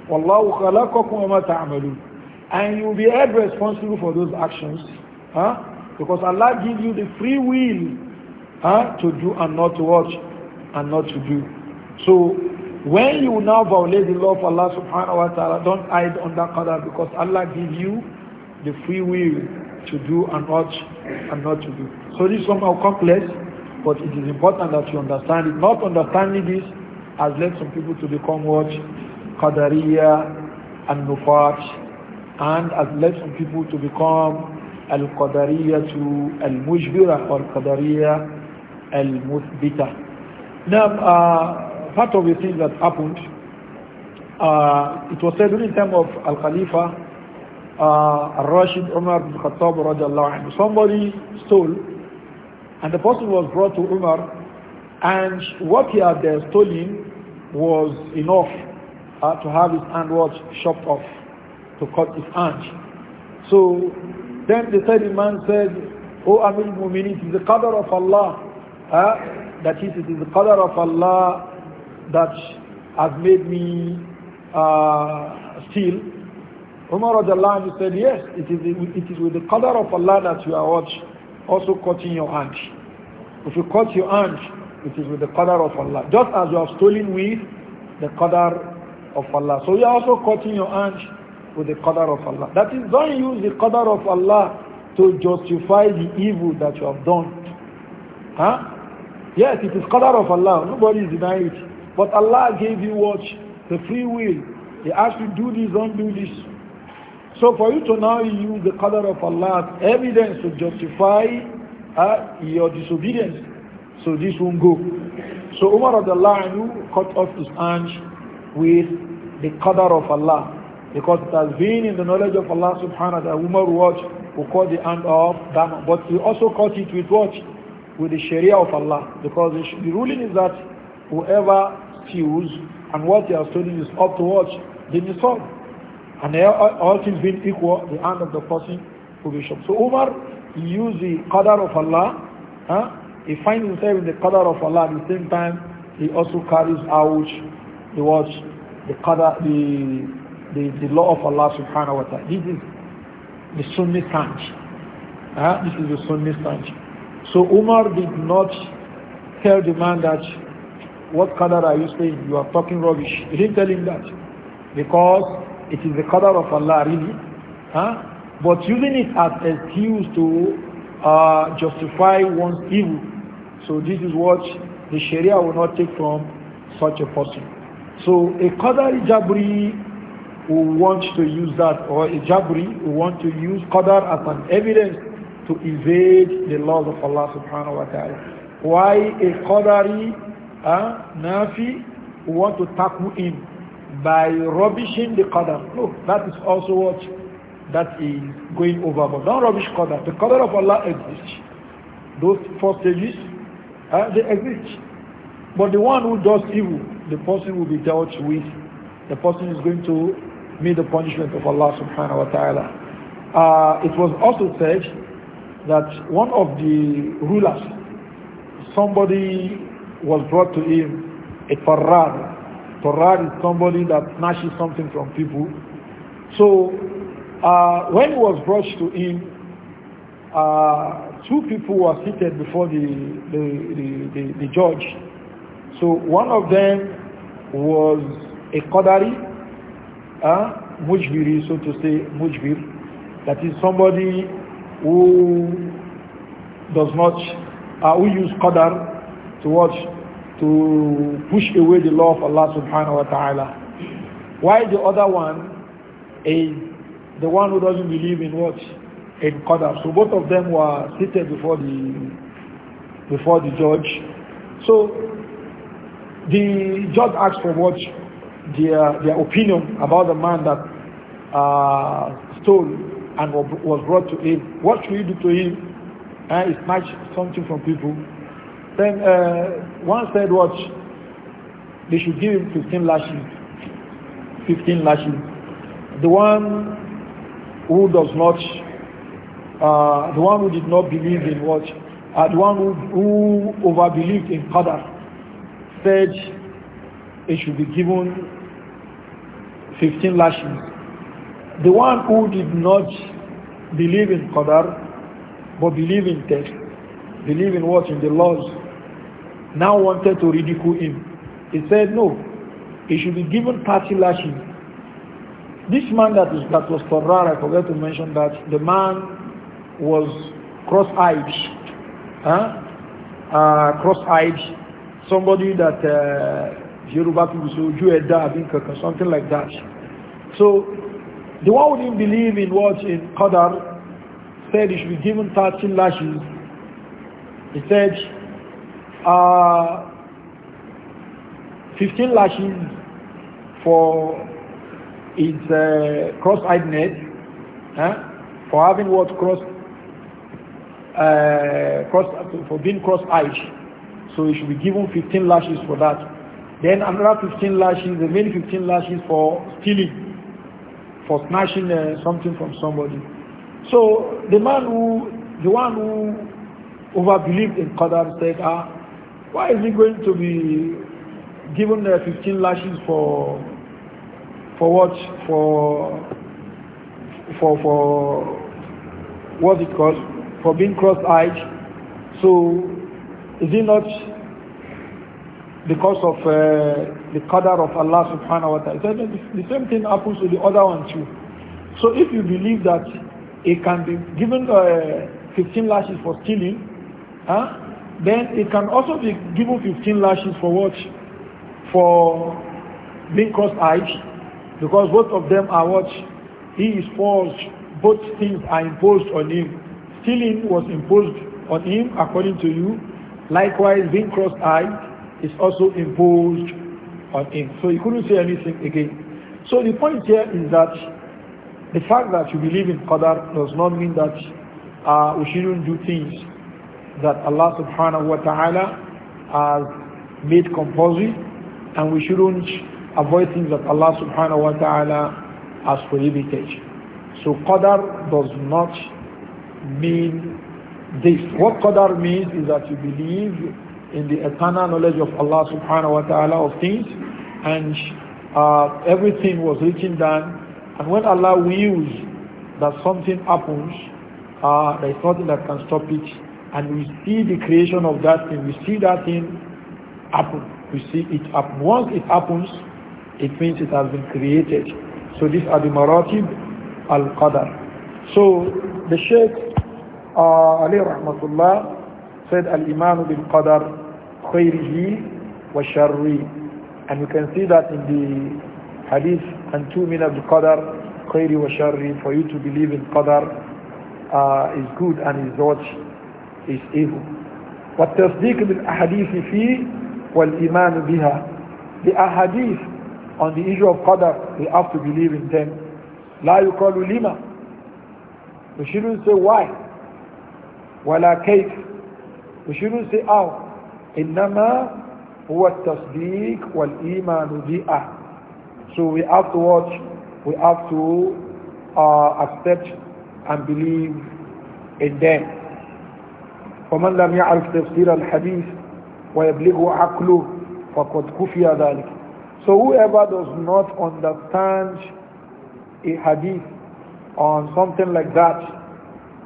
Wallahu And you will be held responsible for those actions. Huh? Because Allah gives you the free will huh, to do and not to watch and not to do. So when you now violate the law of Allah subhanahu wa ta'ala, don't hide under qadar because Allah give you the free will to do and not, and not to do. So this is somehow complex, but it is important that you understand it. Not understanding this has led some people to become what? Qadariya and Nufat, and has led some people to become Al-Qadariya to Al-Mujbira or Qadariya Al-Muthbita. Now, uh, part of the thing that happened, uh, it was said during the time of Al-Khalifa, uh, Al-Rashid Umar bin Khattab somebody stole and the person was brought to Umar and what he had uh, stolen was enough uh, to have his hand was chopped off, to cut his hand. So then the third man said, O oh, Amir Mumin, it is the color of Allah, uh, that is, it is the color of Allah that has made me uh, steal? Umar Radiallahu said, yes, it is, it is with the color of Allah that you are also cutting your hand. If you cut your hand, it is with the color of Allah. Just as you have stolen with the color of Allah. So you are also cutting your hand with the color of Allah. That is, don't use the color of Allah to justify the evil that you have done. Huh? Yes, it is color of Allah. Nobody is denying it. But Allah gave you what? The free will. He asked you do this, don't do this. So for you to now use the color of Allah as evidence to justify uh, your disobedience, so this won't go. So Umar anhu cut off his hand with the color of Allah. Because it has been in the knowledge of Allah subhanahu wa ta'ala, Umar watch, who cut the hand off, but he also cut it with what? With the sharia of Allah. Because the ruling is that whoever feels and what they are studying is up to Then it's all, And they are all things being equal, the hand of the person will be shown. So Umar he used the qadar of Allah. Huh? He finds himself in the qadar of Allah. At the same time, he also carries out the watch, the qadar, the, the, the law of Allah subhanahu wa ta'ala. This is the Sunni stance. Huh? This is the Sunni stance. So Umar did not tell the man that what qadar are you saying? You are talking rubbish. He didn't tell him that. Because it is the qadar of Allah really. Huh? But using it as excuse to uh, justify one's evil. So this is what the Sharia will not take from such a person. So a qadar jabri who wants to use that or a jabri who wants to use qadar as an evidence to evade the laws of Allah subhanahu wa ta'ala. Why a qadari uh, Nafi who want to tackle him by rubbishing the qadar. Look, that is also what that is going overboard. Don't rubbish qadar. The qadar of Allah exists. Those four stages, uh, they exist. But the one who does evil, the person will be dealt with. The person is going to meet the punishment of Allah subhanahu wa ta'ala. Uh, it was also said that one of the rulers, somebody was brought to him a farrar. Farrar is somebody that snatches something from people. So uh, when it was brought to him, uh, two people were seated before the, the, the, the, the judge. So one of them was a Qadari, uh, Mujbiri, so to say, Mujbir. That is somebody who does not, uh, who use Qadar to watch, to push away the law of Allah subhanahu wa ta'ala. Why the other one is the one who doesn't believe in what? In Qadar. So both of them were seated before the, before the judge. So the judge asked for what? Their, their opinion about the man that uh, stole and was brought to him. What should you do to him? Uh, eh, much something from people then uh, one said, watch, they should give him 15 lashes. 15 lashes. The one who does not, uh, the one who did not believe in what, uh, the one who, who overbelieved in Qadar said it should be given 15 lashes. The one who did not believe in Qadar but believe in text, believe in what? In the laws now wanted to ridicule him. He said, no, he should be given party lashing. This man that was that was Torrar, I forgot to mention that, the man was cross-eyed. Huh? Uh, cross-eyed. Somebody that uh, Yoruba people say, Oju something like that. So, the one who didn't believe in what in Qadar said he should be given 13 lashes. He said, uh, 15 lashes for his uh, cross-eyed net, huh? for having what cross, uh, cross for being cross-eyed. So he should be given 15 lashes for that. Then another 15 lashes, the main 15 lashes for stealing, for snatching uh, something from somebody. So the man who, the one who overbelieved in Qadar said, ah, why is he going to be given uh, 15 lashes for for what for for for what it called for being cross-eyed? So is it not because of uh, the qadar of Allah subhanahu wa ta'ala? The same thing happens to the other one too. So if you believe that it can be given uh, 15 lashes for stealing, huh? then it can also be given 15 lashes for what? For being cross-eyed, because both of them are what? He is forced, both things are imposed on him. Stealing was imposed on him according to you. Likewise, being cross-eyed is also imposed on him. So he couldn't say anything again. So the point here is that the fact that you believe in Qadar does not mean that uh, we shouldn't do things that Allah subhanahu wa ta'ala has made compulsory and we shouldn't avoid things that Allah subhanahu wa ta'ala has prohibited. So qadar does not mean this. What qadar means is that you believe in the eternal knowledge of Allah subhanahu wa ta'ala of things and uh, everything was written down and when Allah wills that something happens, uh, there is nothing that can stop it and we see the creation of that thing, we see that thing happen. We see it happen. Once it happens, it means it has been created. So these are the maratib al-qadar. So the Sheikh uh, Ali rahmatullah said al iman bil qadar khayrihi wa sharri. And you can see that in the hadith and two min al-qadar khayri wa sharri for you to believe in qadar uh, is good and is right is evil. والتصديق بالأحاديث فيه iman biha. The ahadith on the issue of qadar, we have to believe in them. لا يقال لما We shouldn't say why. ولا كيف We shouldn't say how. إنما هو التصديق والإيمان بها So we have to watch, we have to uh, accept and believe in them. ومن لم يعرف تفسير الحديث عقله فقد كفي ذلك so whoever does not understand a hadith on something like that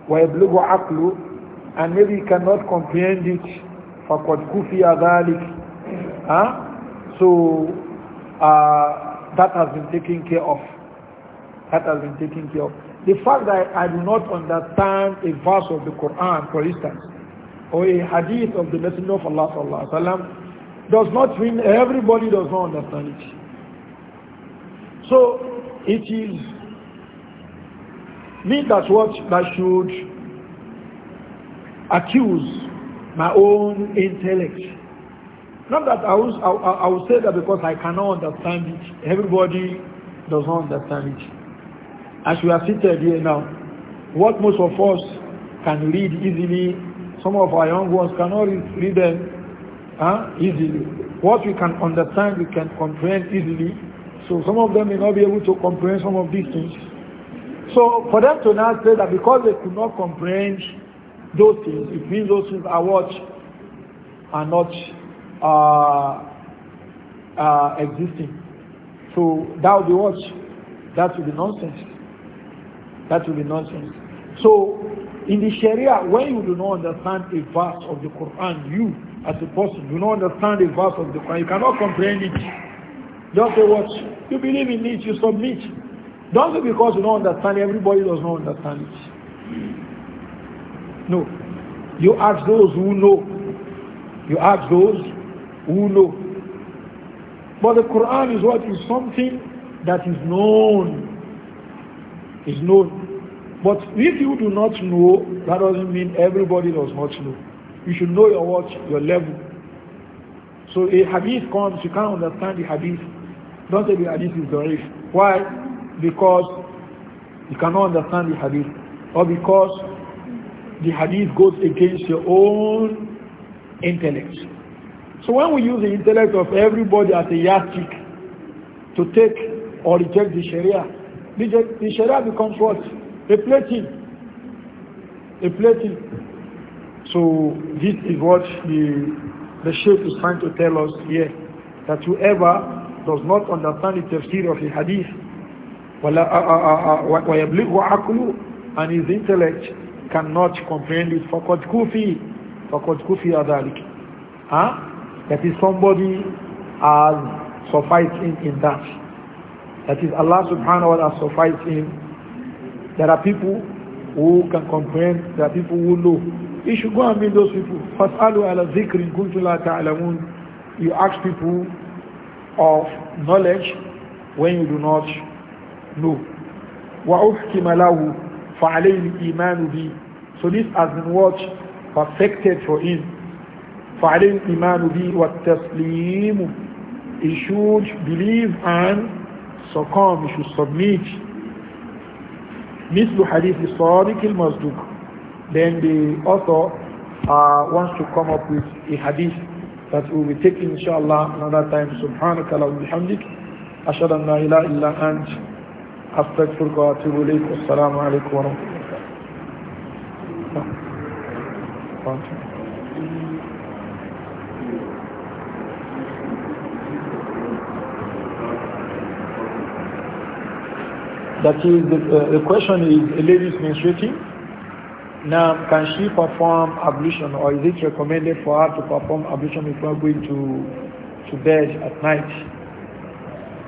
ويبلغه عقله and maybe he cannot comprehend it فقد كفي ذلك huh? so uh, that has been taken care of that has been taken care of the fact that I do not understand a verse of the Quran for instance or a hadith of the Messenger of Allah sallallahu alaihi wasallam does not mean everybody does not understand it. So it is me that what that should accuse my own intellect. Not that I will, I, I will say that because I cannot understand it. Everybody does not understand it. As we are seated here now, what most of us can read easily some of our young ones cannot read them huh, easily. What we can understand, we can comprehend easily. So some of them may not be able to comprehend some of these things. So for them to now say that because they could not comprehend those things, it means those things are what are not uh, uh, existing. So that would be what? That would be nonsense. That would be nonsense. So in the Sharia, when you do not understand a verse of the Quran, you as a person do not understand a verse of the Quran, you cannot comprehend it. Just say what? You believe in it, you submit. Don't say because you don't understand, everybody does not understand it. No. You ask those who know. You ask those who know. But the Quran is what is something that is known. Is known. But if you do not know, that doesn't mean everybody does not know. You should know your what, your level. So a hadith comes, you can't understand the hadith. Don't say the hadith is da'if. Why? Because you cannot understand the hadith. Or because the hadith goes against your own intellect. So when we use the intellect of everybody as a yardstick to take or reject the Sharia, the, the Sharia becomes what? a plating. A plating. So this is what the, the Sheikh is trying to tell us here. That whoever does not understand the tafsir of the hadith, وَيَبْلِغُ عَقْلُ and his intellect cannot comprehend it. فَقَدْ كُفِي فَقَدْ كُفِي adalik. huh? That is somebody has sufficed him in that. That is Allah subhanahu wa ta'ala sufficed him there are people who can comprehend, there are people who know. You should go and meet those people. فَاسْأَلُوا عَلَى ذِكْرٍ كُنْتُ لَا تَعْلَمُونَ You ask people of knowledge when you do not know. وَأُحْكِمَ لَهُ فَعَلَيْهِ الْإِيمَانُ بِهِ So this has been what? Perfected for him. فَعَلَيْهِ الْإِيمَانُ بِهِ وَالتَّسْلِيمُ He should believe and succumb, he should submit Mislu Hadith is Sadiqil Masduq. Then the author uh, wants to come up with a hadith that we will be taking inshallah another time. سبحانك اللهم وبحمدك أشهد أن لا إله إلا أنت أستغفرك وأتوب إليك والسلام عليكم ورحمة الله That is, the, uh, the question is, a lady menstruating. Now, can she perform ablution or is it recommended for her to perform ablution before going to, to bed at night?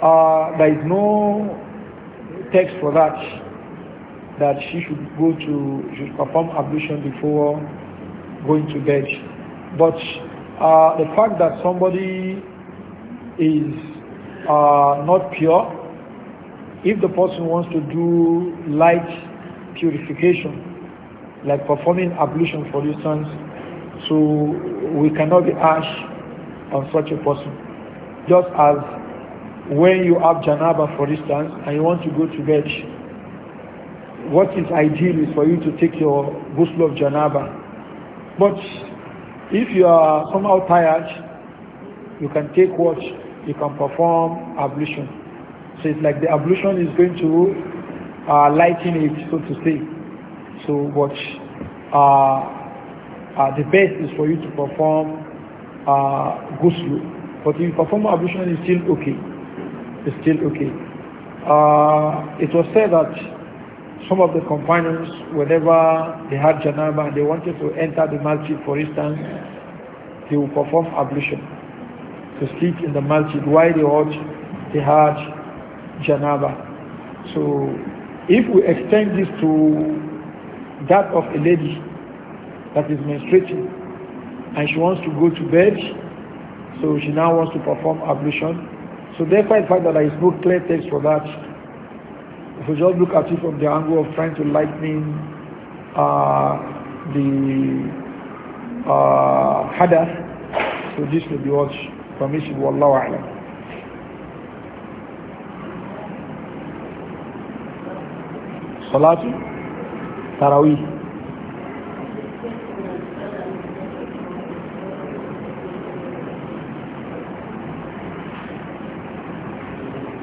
Uh, there is no text for that, that she should go to, should perform ablution before going to bed. But uh, the fact that somebody is uh, not pure if the person wants to do light purification, like performing ablution for instance, so we cannot be on such a person. Just as when you have janaba for instance and you want to go to bed, what is ideal is for you to take your ghusl of janaba. But if you are somehow tired, you can take what? You can perform ablution it's like the ablution is going to uh, lighten it, so to say. So what uh, uh, the best is for you to perform uh, ghusl. But if you perform ablution, it's still okay. It's still okay. Uh, it was said that some of the companions, whenever they had janaba and they wanted to enter the masjid, for instance, they would perform ablution to sleep in the masjid. Why they watch? They hajj janaba. So if we extend this to that of a lady that is menstruating and she wants to go to bed, so she now wants to perform ablution. So therefore the fact that there is no clear text for that, if we just look at it from the angle of trying to lighten uh, the uh, hadith, so this will be what permissible, Wallahu Salatu Tarawih.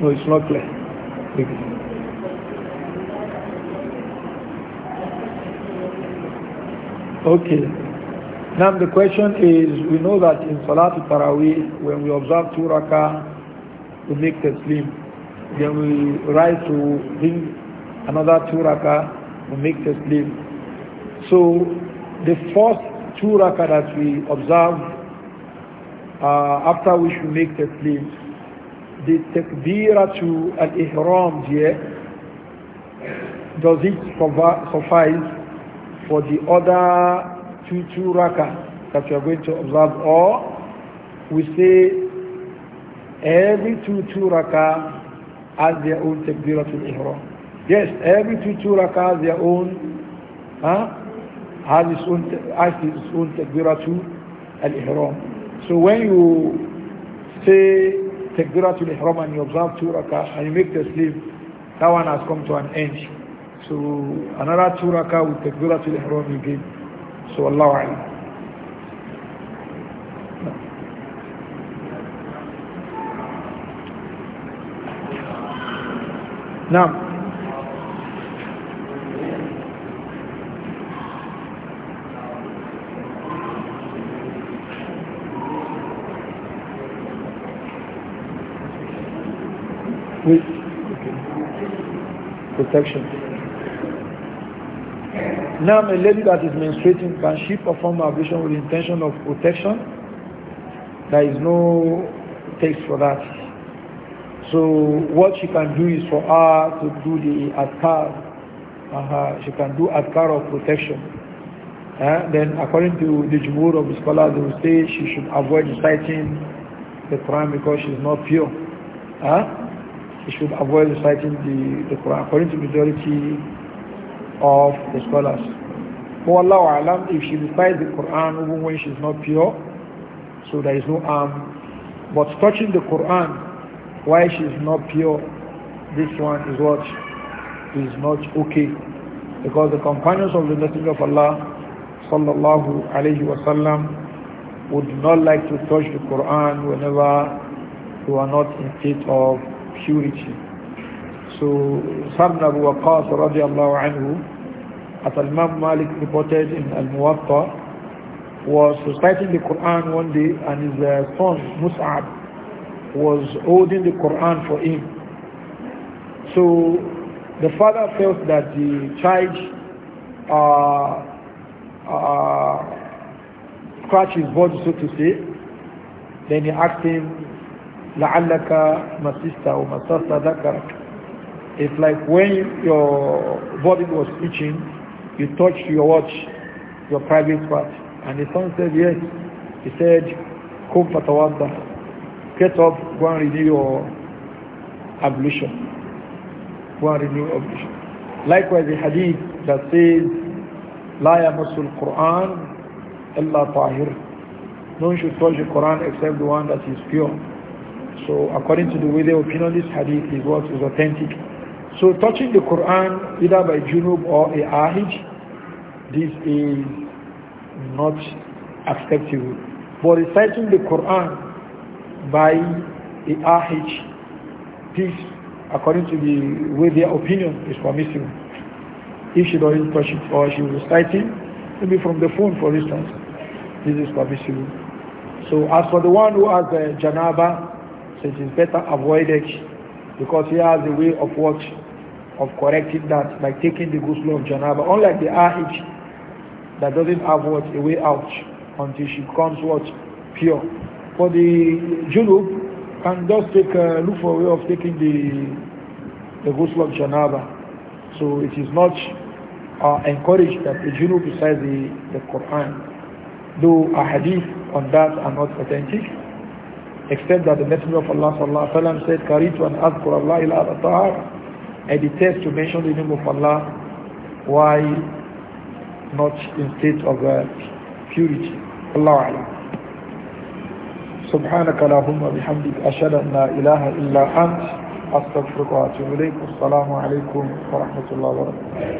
No, it's not clear. Okay. Now the question is, we know that in Salat Tarawih, when we observe two rakah, we make sleep. Then we rise to bring another two rakah we make taslim. So the first two rakah that we observe uh, after which we make taslim, the takbirah to al-ihram here, does it suffice for the other two, two rakah that we are going to observe or we say every two, two rakah as their own takbiratul ihram. Yes, every two, two their own, huh, has its own, has its own takbiratu al-ihram. So when you say takbiratul ihram and you observe two rakah and you make the sleep, that one has come to an end. So another two rakah with takbiratul ihram again. So Allah alam. Now, protection. Now, a lady that is menstruating, can she perform ablution with intention of protection? There is no text for that. So what she can do is for her to do the adkar. Uh -huh. She can do adkar of protection. Uh, then according to the jumhur of the scholars, they will say she should avoid reciting the Quran because she is not pure. Uh, he should avoid reciting the, the Quran according to majority of the scholars. For Allah Alam, if she recites the Quran even when she is not pure, so there is no harm. But touching the Quran while she is not pure, this one is what is not okay. Because the companions of the Messenger of Allah sallallahu alayhi wasallam would not like to touch the Quran whenever you are not in state of so Sa'd Abu Waqqas radiallahu anhu, as Imam Malik reported in Al-Muwatta, was reciting the Quran one day and his uh, son Mus'ab was holding the Quran for him. So the father felt that the child uh, uh, scratched his body, so to say. Then he asked him la'allaka masista or masasta dhakarak. It's like when your body was itching, you touched your watch, your private part. And the son said, yes. He said, kum fatawadda. Get up, go and renew your ablution. Go and renew ablution. Likewise, the hadith that says, لا يمس القرآن إلا طاهر. No one should touch the Quran except the one that is pure. So according to the way they opinion, this hadith is what is authentic. So touching the Quran either by junub or a ahij, this is not acceptable. But reciting the Quran by a ahij, this according to the way their opinion is permissible. If she doesn't touch it or she will recite it, maybe from the phone for instance, this is permissible. So as for the one who has the janaba, it is better avoided because he has a way of what? Of correcting that by taking the ghusl of janaba. Unlike the ahij that doesn't have what? A way out until she becomes what? Pure. For the junub can just take a, look for a way of taking the the ghusl of janaba. So it is not uh, encouraged that the junub recites the, the Quran. Though a hadith on that are not authentic, Except that the Messenger of Allah sallallahu alayhi wa said, Karitu an azkur Allah ila ta'ar. I detest to mention the name of Allah. Why not in state of uh, purity? Allah alam. سبحانك اللهم وبحمدك أشهد أن لا إله إلا أنت أستغفرك وأتوب إليك والسلام عليكم ورحمة الله وبركاته